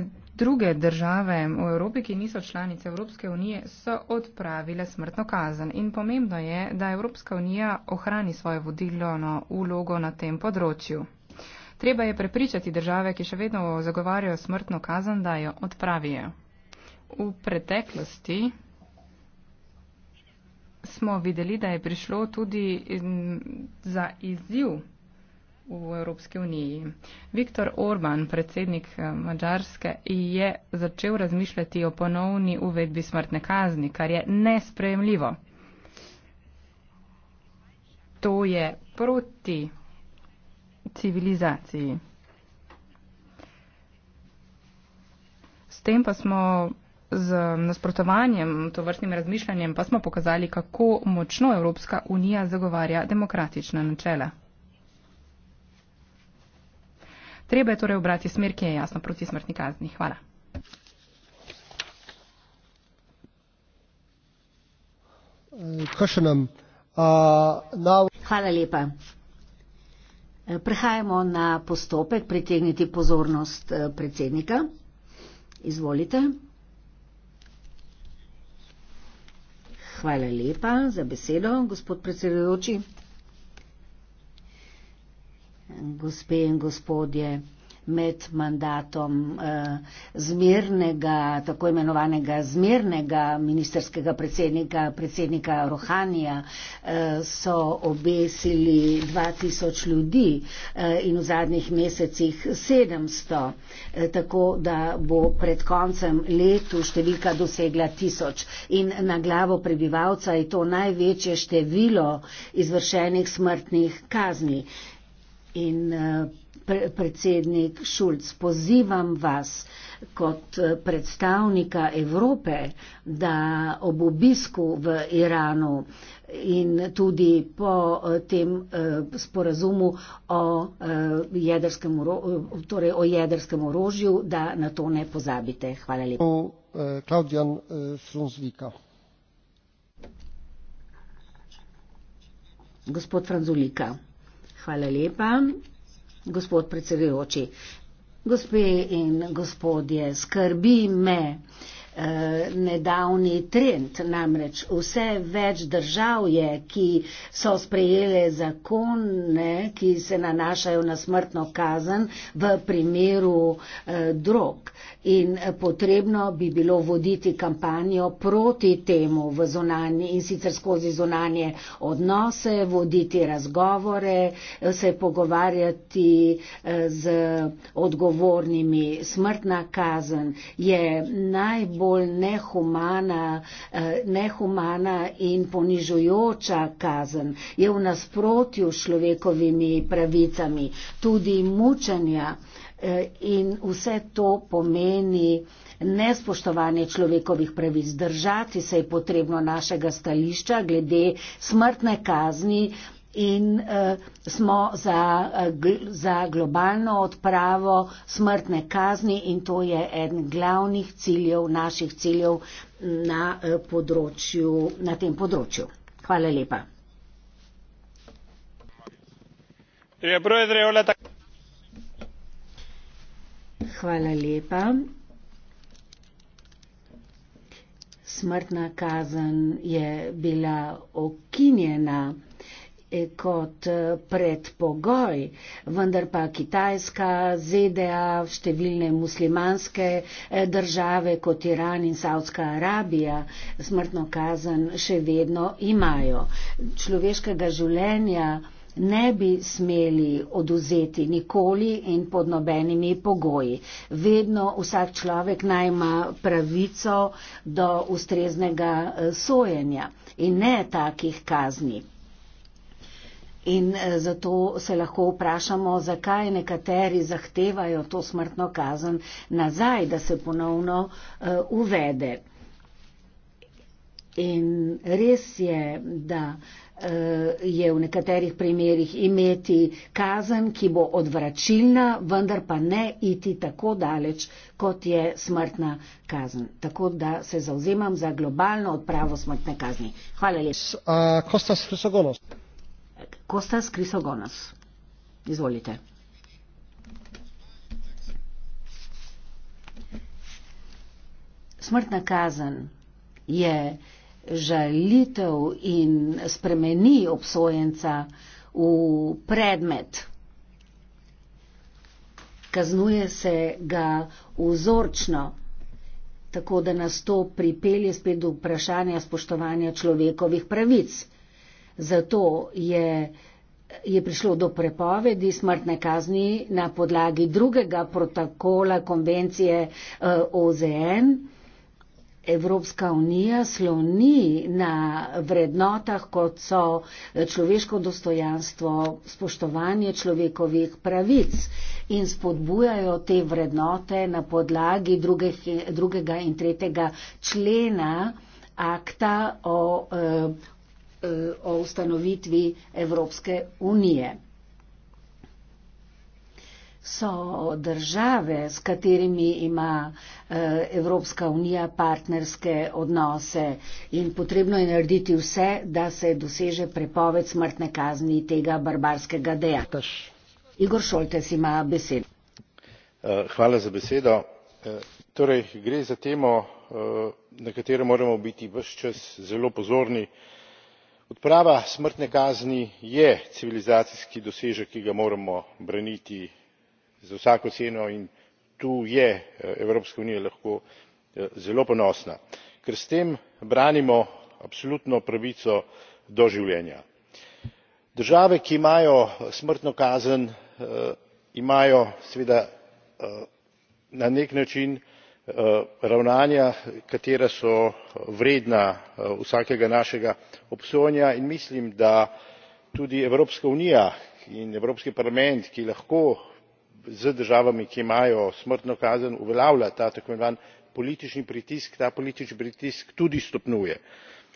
druge države v Evropi, ki niso članice Evropske unije, so odpravile smrtno kazan. In pomembno je, da Evropska unija ohrani svojo vodilno ulogo na tem področju. Treba je prepričati države, ki še vedno zagovarjajo smrtno kazan, da jo odpravijo. V preteklosti smo videli, da je prišlo tudi za izziv v Evropski uniji. Viktor Orban, predsednik eh, Mačarske, je začel razmišljati o ponovni uvedbi smrtne kazni, kar je nespremljivo. To je proti civilizaciji. S tem pa smo z nasprotovanjem to vrstnim razmišljanjem pa smo pokazali, kako močno Evropska unija zagovarja demokratična načela. Treba je torej obrati smer, ki je jasno proti smrtni kazni. Hvala. Hvala lepa. Prehajamo na postopek pritegniti pozornost eh, predsednika. Izvolite. Hvala lepa za besedo, gospod predsedujoči. Gospe in gospodje med mandatom eh, zmernega, tako imenovanega zmernega ministerskega predsednika, predsednika Rohanija, eh, so obesili 2000 ljudi eh, in v zadnjih mesecih 700, eh, tako da bo pred koncem letu številka dosegla 1000. In na glavo prebivalca je to največje število izvršenih smrtnih kazni in eh, predsednik Šulc, pozivam vas kot eh, predstavnika Evrope, da ob obisku v Iranu in tudi po eh, tem sporazumu o jedrskem, torej o jedrskem orožju, da na to ne pozabite. Hvala lepa. Klaudijan Franzulika. Gospod Franzulika. Hvala lepa, gospod predsedujoči. Gospe in gospodje, skrbi me. Uh, Eh, nedavni trend. Namreč vse več držav je, ki so sprejele zakone, ki se nanašajo na smrtno kazen v primeru eh, drog. In eh, potrebno bi bilo voditi kampanjo proti temu v zonanje in sicer skozi zonanje odnose, voditi razgovore, se pogovarjati z odgovornimi. Smrtna kazen je najbolj bolj nehumana, eh, nehumana in ponižujoča kazen, je v nasprotju s človekovimi pravicami, tudi mučanja eh, in vse to pomeni nespoštovanje človekovih pravic. Držati se je potrebno našega stališča glede smrtne kazni, in uh, smo za, uh, gl za globalno odpravo smrtne kazni in to je eden glavnih ciljev, naših ciljev na, uh, področju, na tem področju. Hvala lepa. Hvala lepa. Smrtna kazen je bila okinjena kot eh, predpogoj, vendar pa Kitajska, ZDA, številne muslimanske eh, države kot Iran in Saudska Arabija smrtno kazen še vedno imajo. Človeškega življenja ne bi smeli oduzeti nikoli in pod nobenimi pogoji. Vedno vsak človek naj ima pravico do ustreznega eh, sojenja in ne takih kazni. In eh, zato se lahko vprašamo, zakaj nekateri zahtevajo to smrtno kazen nazaj, da se ponovno uh, uvede. In res je, da uh, je v nekaterih primerjih imeti kazen, ki bo odvračilna, vendar pa ne iti tako daleč, kot je smrtna kazen. Tako da se zauzemam za globalno odpravo smrtne kazni. Hvala lepa. Uh, Kostas Krisogonas. Izvolite. Smrtna kazen je žalitev in spremeni obsojenca v predmet. Kaznuje se ga vzorčno, tako da nas to pripelje spet do vprašanja spoštovanja človekovih pravic. Zato je, je prišlo do prepovedi smrtne kazni na podlagi drugega protokola konvencije eh, OZN. Evropska unija sloni na vrednotah, kot so eh, človeško dostojanstvo, spoštovanje človekovih pravic in spodbujajo te vrednote na podlagi drugih, drugega in tretjega člena akta o eh, Eh, o ustanovitvi Evropske unije. So države, s katerimi ima eh, Evropska unija partnerske odnose in potrebno je narediti vse, da se doseže prepoved smrtne kazni tega barbarskega dejanja. Igor Šoltes ima besedo. Eh, hvala za besedo. Torej, gre za temo, na katero moramo biti vse čas zelo pozorni, odprava smrtne kazni je civilizacijski dosežek ki ga moramo braniti za vsako ceno in tu je eh, evropska unija lahko eh, zelo ponosna ker s tem branimo absolutno pravico do življenja. države ki imajo eh, smrtno kazen imajo seveda na nek način Eh, ravnanja katera so vredna eh, vsakega našega obsojanja in mislim da tudi evropska unija in evropski parlament ki lahko z državami ki imajo smrtno kazen uveljavlja ta tako imenovani politični pritisk ta politični pritisk tudi stopnjuje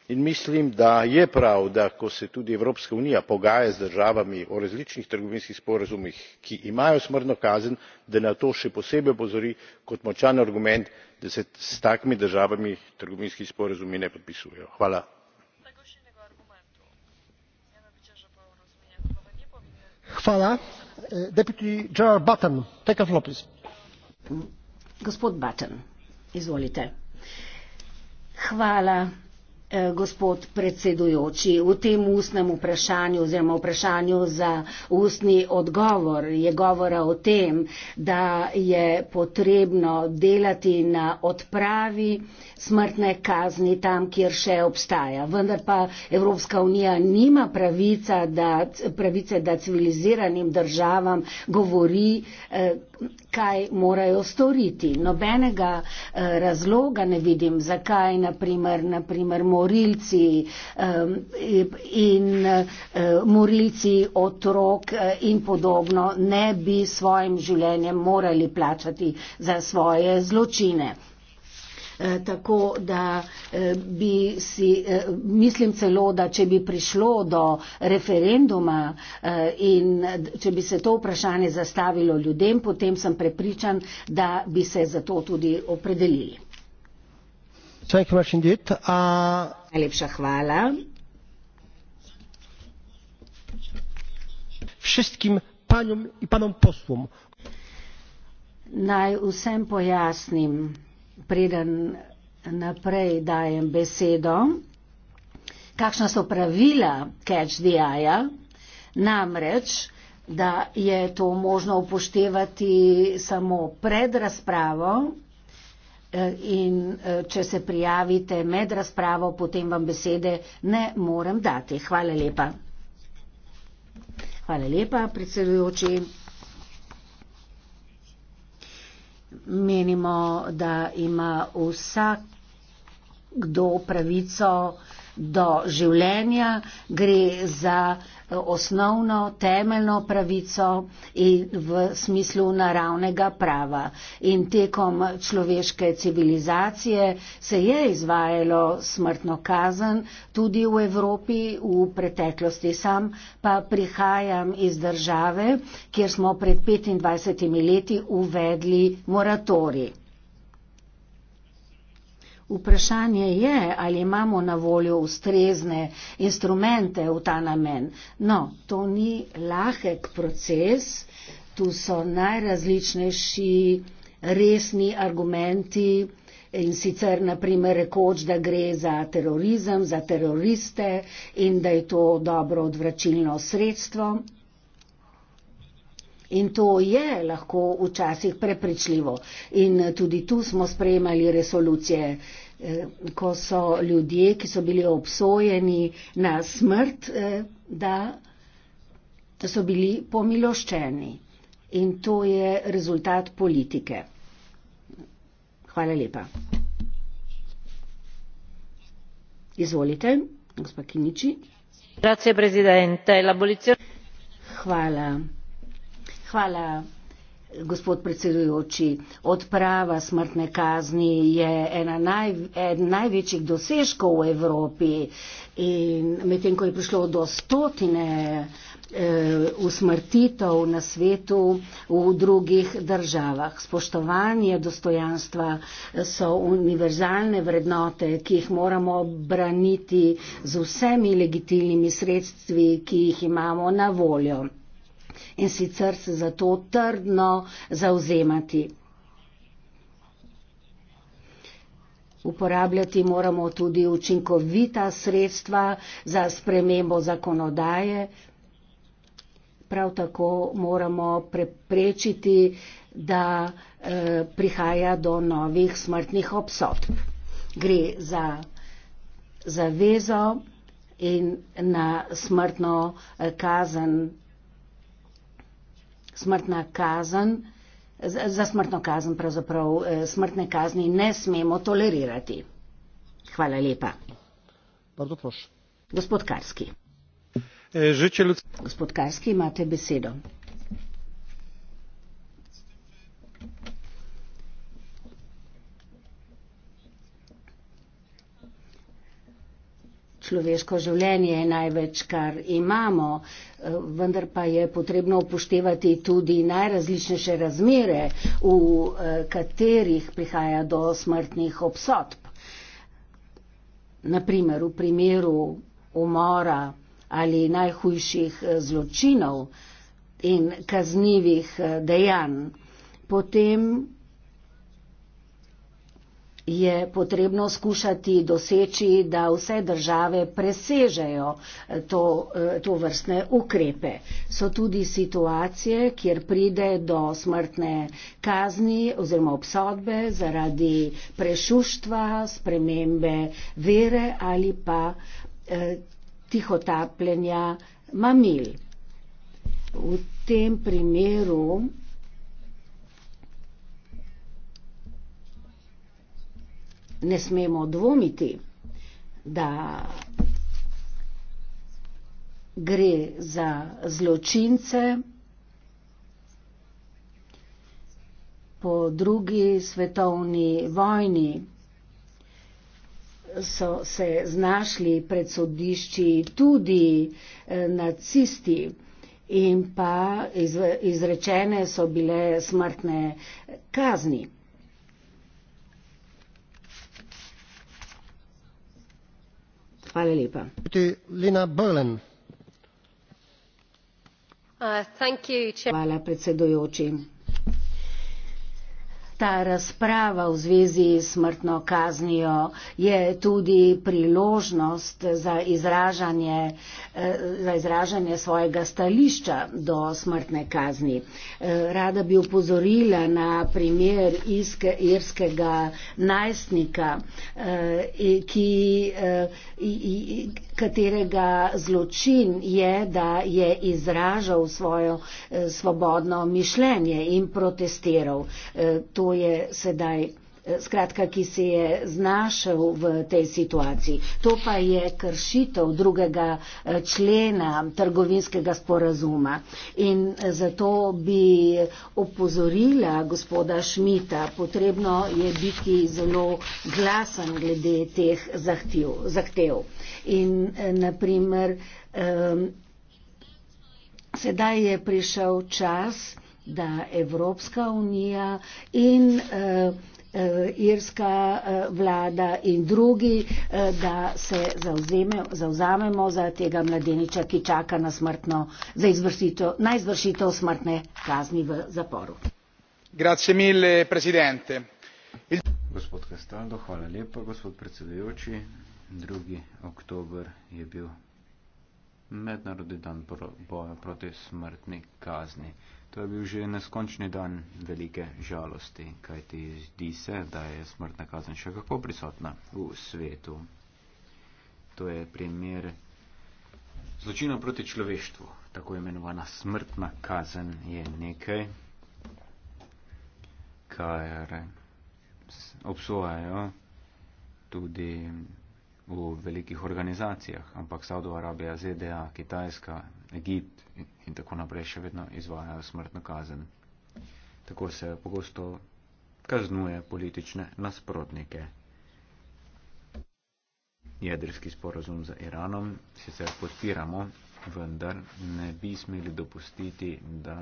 in mislim da je prav da ko se tudi evropska unija pogaja z državami o različnih trgovinskih sporazumih ki imajo smrtno kazen da na to še posebej opozori kot močan argument da se s takimi državami trgovinski sporazumi ne podpisujejo. Eh, gospod predsedujoči, v tem ustnem vprašanju oziroma vprašanju za ustni odgovor je govora o tem, da je potrebno delati na odpravi smrtne kazni tam, kjer še obstaja. Vendar pa Evropska unija nima pravica, da, pravice, da civiliziranim državam govori, eh, kaj morajo storiti. Nobenega eh, razloga ne vidim, zakaj naprimer, naprimer morilci in eh, morilci otrok eh, in podobno ne bi svojim življenjem morali plačati za svoje zločine. Eh, tako da bi si, mislim celo, da če bi prišlo do referenduma in če bi se to vprašanje zastavilo ljudem, potem sem prepričan, da bi se za to tudi opredelili. Najlepša hvala. Všem panjom in panom poslom. Naj vsem pojasnim, preden naprej dajem besedo, kakšna so pravila CatchDI-ja. Namreč, da je to možno upoštevati samo pred razpravo Eh, in eh, če se prijavite med razpravo, potem vam besede ne morem dati. Hvala lepa. Hvala lepa, predsedujoči. Menimo, da ima vsak kdo pravico do življenja, gre za eh, osnovno temeljno pravico in v smislu naravnega prava. In tekom človeške civilizacije se je izvajalo smrtno kazen tudi v Evropi v preteklosti. Sam pa prihajam iz države, kjer smo pred 25 leti uvedli moratorij. Vprašanje je, ali imamo na voljo ustrezne instrumente v ta namen. No, to ni lahek proces, tu so najrazličnejši resni argumenti in sicer naprimer rekoč, da gre za terorizem, za teroriste in da je to dobro odvračilno sredstvo. In to je lahko včasih prepričljivo. In eh, tudi tu smo sprejemali resolucije, eh, ko so ljudje, ki so bili obsojeni na smrt, eh, da so bili pomiloščeni. In to je rezultat politike. Hvala lepa. Izvolite, gospod Kiniči. Hvala. Hvala, gospod predsedujoči. Odprava smrtne kazni je ena naj, en največjih dosežkov v Evropi in medtem, ko je prišlo do stotine eh, usmrtitev na svetu v drugih državah. Spoštovanje dostojanstva eh, so univerzalne vrednote, ki jih moramo braniti z vsemi legitimnimi sredstvi, ki jih imamo na voljo in sicer se za to trdno zauzemati. Uporabljati moramo tudi učinkovita sredstva za spremembo zakonodaje. Prav tako moramo preprečiti, da eh, prihaja do novih smrtnih obsodb. Gre za zavezo in na smrtno eh, kazen smrtna kazen, za smrtno kazen pravzaprav eh, smrtne kazni ne smemo tolerirati. Hvala lepa. Gospod Karski. E, Gospod Karski, imate besedo. človeško življenje je največ, kar imamo, eh, vendar pa je potrebno upoštevati tudi najrazličnejše razmere, v eh, katerih prihaja do smrtnih obsodb. Naprimer, v primeru umora ali najhujših eh, zločinov in kaznjivih dejanj, potem je potrebno skušati doseči, da vse države presežejo eh, to, eh, to vrstne ukrepe. So tudi situacije, kjer pride do smrtne kazni oziroma obsodbe zaradi prešuštva, spremembe vere ali pa eh, tihotapljenja mamil. V tem primeru ne smemo dvomiti, da gre za zločince. Po drugi svetovni vojni so se znašli pred sodišči tudi eh, nacisti in pa izrečene so bile smrtne kazni. hvala lepa. Uh, hvala predsedujoči. Ta razprava v zvezi s smrtno kaznijo je tudi priložnost za izražanje, eh, za izražanje svojega stališča do smrtne kazni. Eh, rada bi upozorila na primer iske, irskega najstnika, eh, ki, katerega zločin je, da je izražal svojo svobodno mišljenje in protestiral. To je sedaj, eh, skratka, ki se je znašel v tej situaciji. To pa je kršitev drugega eh, člena trgovinskega sporazuma. In eh, zato bi opozorila gospoda Šmita, potrebno je biti zelo glasen glede teh zahtev. zahtev. In naprimer, um, sedaj je prišel čas, da Evropska unija in uh, uh, irska uh, vlada in drugi, uh, da se zauzeme, zauzamemo za tega mladeniča, ki čaka na, smrtno, izvršitev, na izvršitev smrtne kazni v zaporu. Grazie mille, presidente. Il... Gospod Kastaldo, hvala lepa, gospod predsedujoči. 2. oktober je bil mednarodni dan boja proti smrtni kazni. To je bil že neskončni dan velike žalosti, kajti zdi se, da je smrtna kazen še kako prisotna v svetu. To je primer zločina proti človeštvu. Tako imenovana smrtna kazen je nekaj, kar obsojajo tudi v velikih organizacijah, ampak Saudova Arabija, ZDA, Kitajska, Egipt in tako naprej še vedno izvajajo smrtno kazen. Tako se pogosto kaznuje politične nasprotnike. Jedrski sporozum z Iranom sicer podpiramo, vendar ne bi smeli dopustiti, da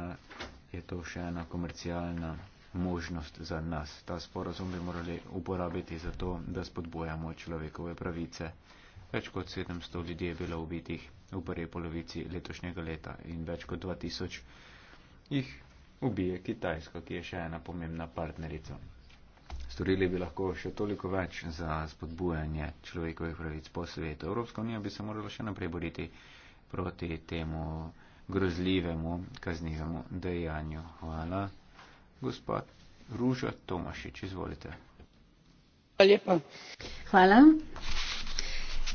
je to še ena komercialna možnost za nas. Ta sporozum bi morali uporabiti za to, da spodbojamo človekove pravice. Več kot 700 ljudi je bilo ubitih, v prvi polovici letošnjega leta in več kot 2000 jih ubije Kitajsko, ki je še ena pomembna partnerica. Storili bi lahko še toliko več za spodbujanje človekovih pravic po svetu. Evropska unija bi se morala še naprej boriti proti temu grozljivemu kaznivemu dejanju. Hvala. Gospod Ruža Tomašič, izvolite. Hvala. Lepa. Hvala.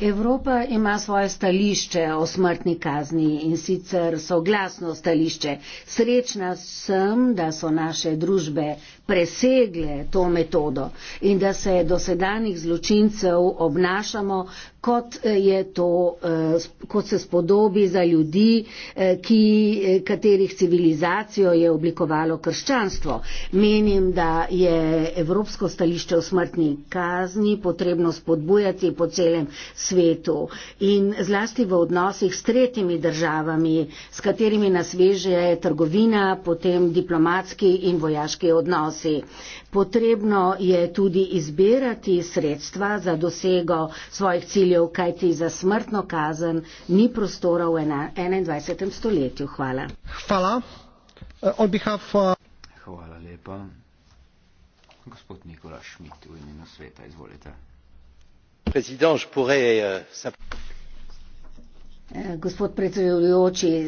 Evropa ima svoje stališče o smrtni kazni in sicer soglasno stališče. Srečna sem, da so naše družbe presegle to metodo in da se do sedanjih zločincev obnašamo kot, eh, to, eh, kot se spodobi za ljudi, eh, ki, katerih civilizacijo je oblikovalo krščanstvo. Menim, da je evropsko stališče o smrtni kazni potrebno spodbujati po celem svetu in zlasti v odnosih s tretjimi državami, s katerimi nas veže trgovina, potem diplomatski in vojaški odnos časi. Potrebno je tudi izbirati sredstva za dosego svojih ciljev, kajti za smrtno kazen ni prostora v 21. stoletju. Hvala. Hvala. Eh, behalf, uh... Hvala lepa. Gospod Nikola Šmit, v imenu sveta, izvolite. Predsednik, eh, lahko. Eh, gospod predsedujoči,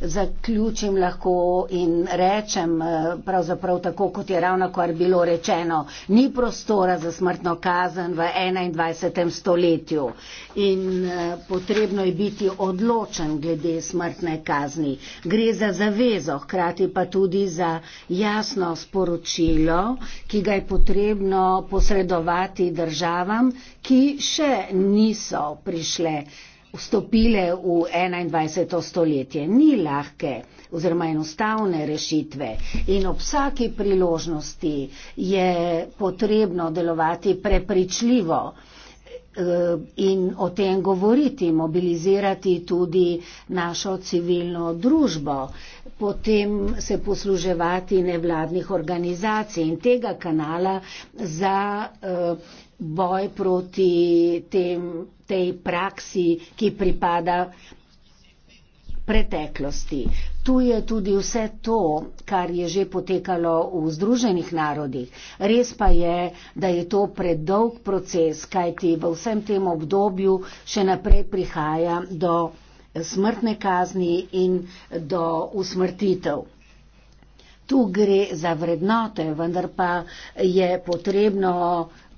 zaključim lahko in rečem eh, pravzaprav tako, kot je ravno kar bilo rečeno, ni prostora za smrtno kazen v 21. stoletju in eh, potrebno je biti odločen glede smrtne kazni. Gre za zavezo, hkrati pa tudi za jasno sporočilo, ki ga je potrebno posredovati državam, ki še niso prišle vstopile v 21. stoletje. Ni lahke oziroma enostavne rešitve in ob vsaki priložnosti je potrebno delovati prepričljivo eh, in o tem govoriti, mobilizirati tudi našo civilno družbo, potem se posluževati nevladnih organizacij in tega kanala za eh, boj proti tem tej praksi, ki pripada preteklosti. Tu je tudi vse to, kar je že potekalo v Združenih narodih. Res pa je, da je to predolg proces, kajti v vsem tem obdobju še naprej prihaja do smrtne kazni in do usmrtitev. Tu gre za vrednote, vendar pa je potrebno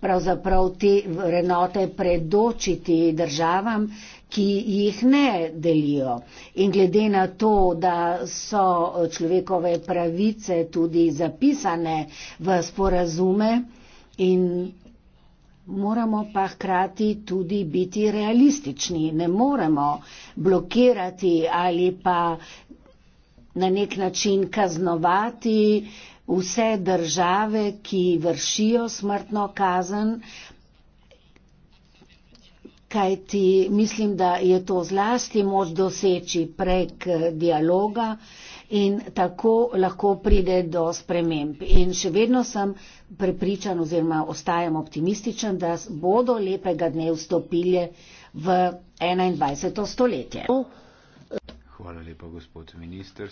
pravzaprav te vrednote predočiti državam, ki jih ne delijo. In glede na to, da so človekove pravice tudi zapisane v sporazume in moramo pa hkrati tudi biti realistični. Ne moremo blokirati ali pa na nek način kaznovati eh, vse države, ki vršijo smrtno kazen, kajti mislim, da je to zlasti moč doseči prek dialoga in tako lahko pride do sprememb. In še vedno sem prepričan oziroma ostajam optimističen, da bodo lepega dne vstopili v 21. stoletje. Hvala lepa, gospod minister.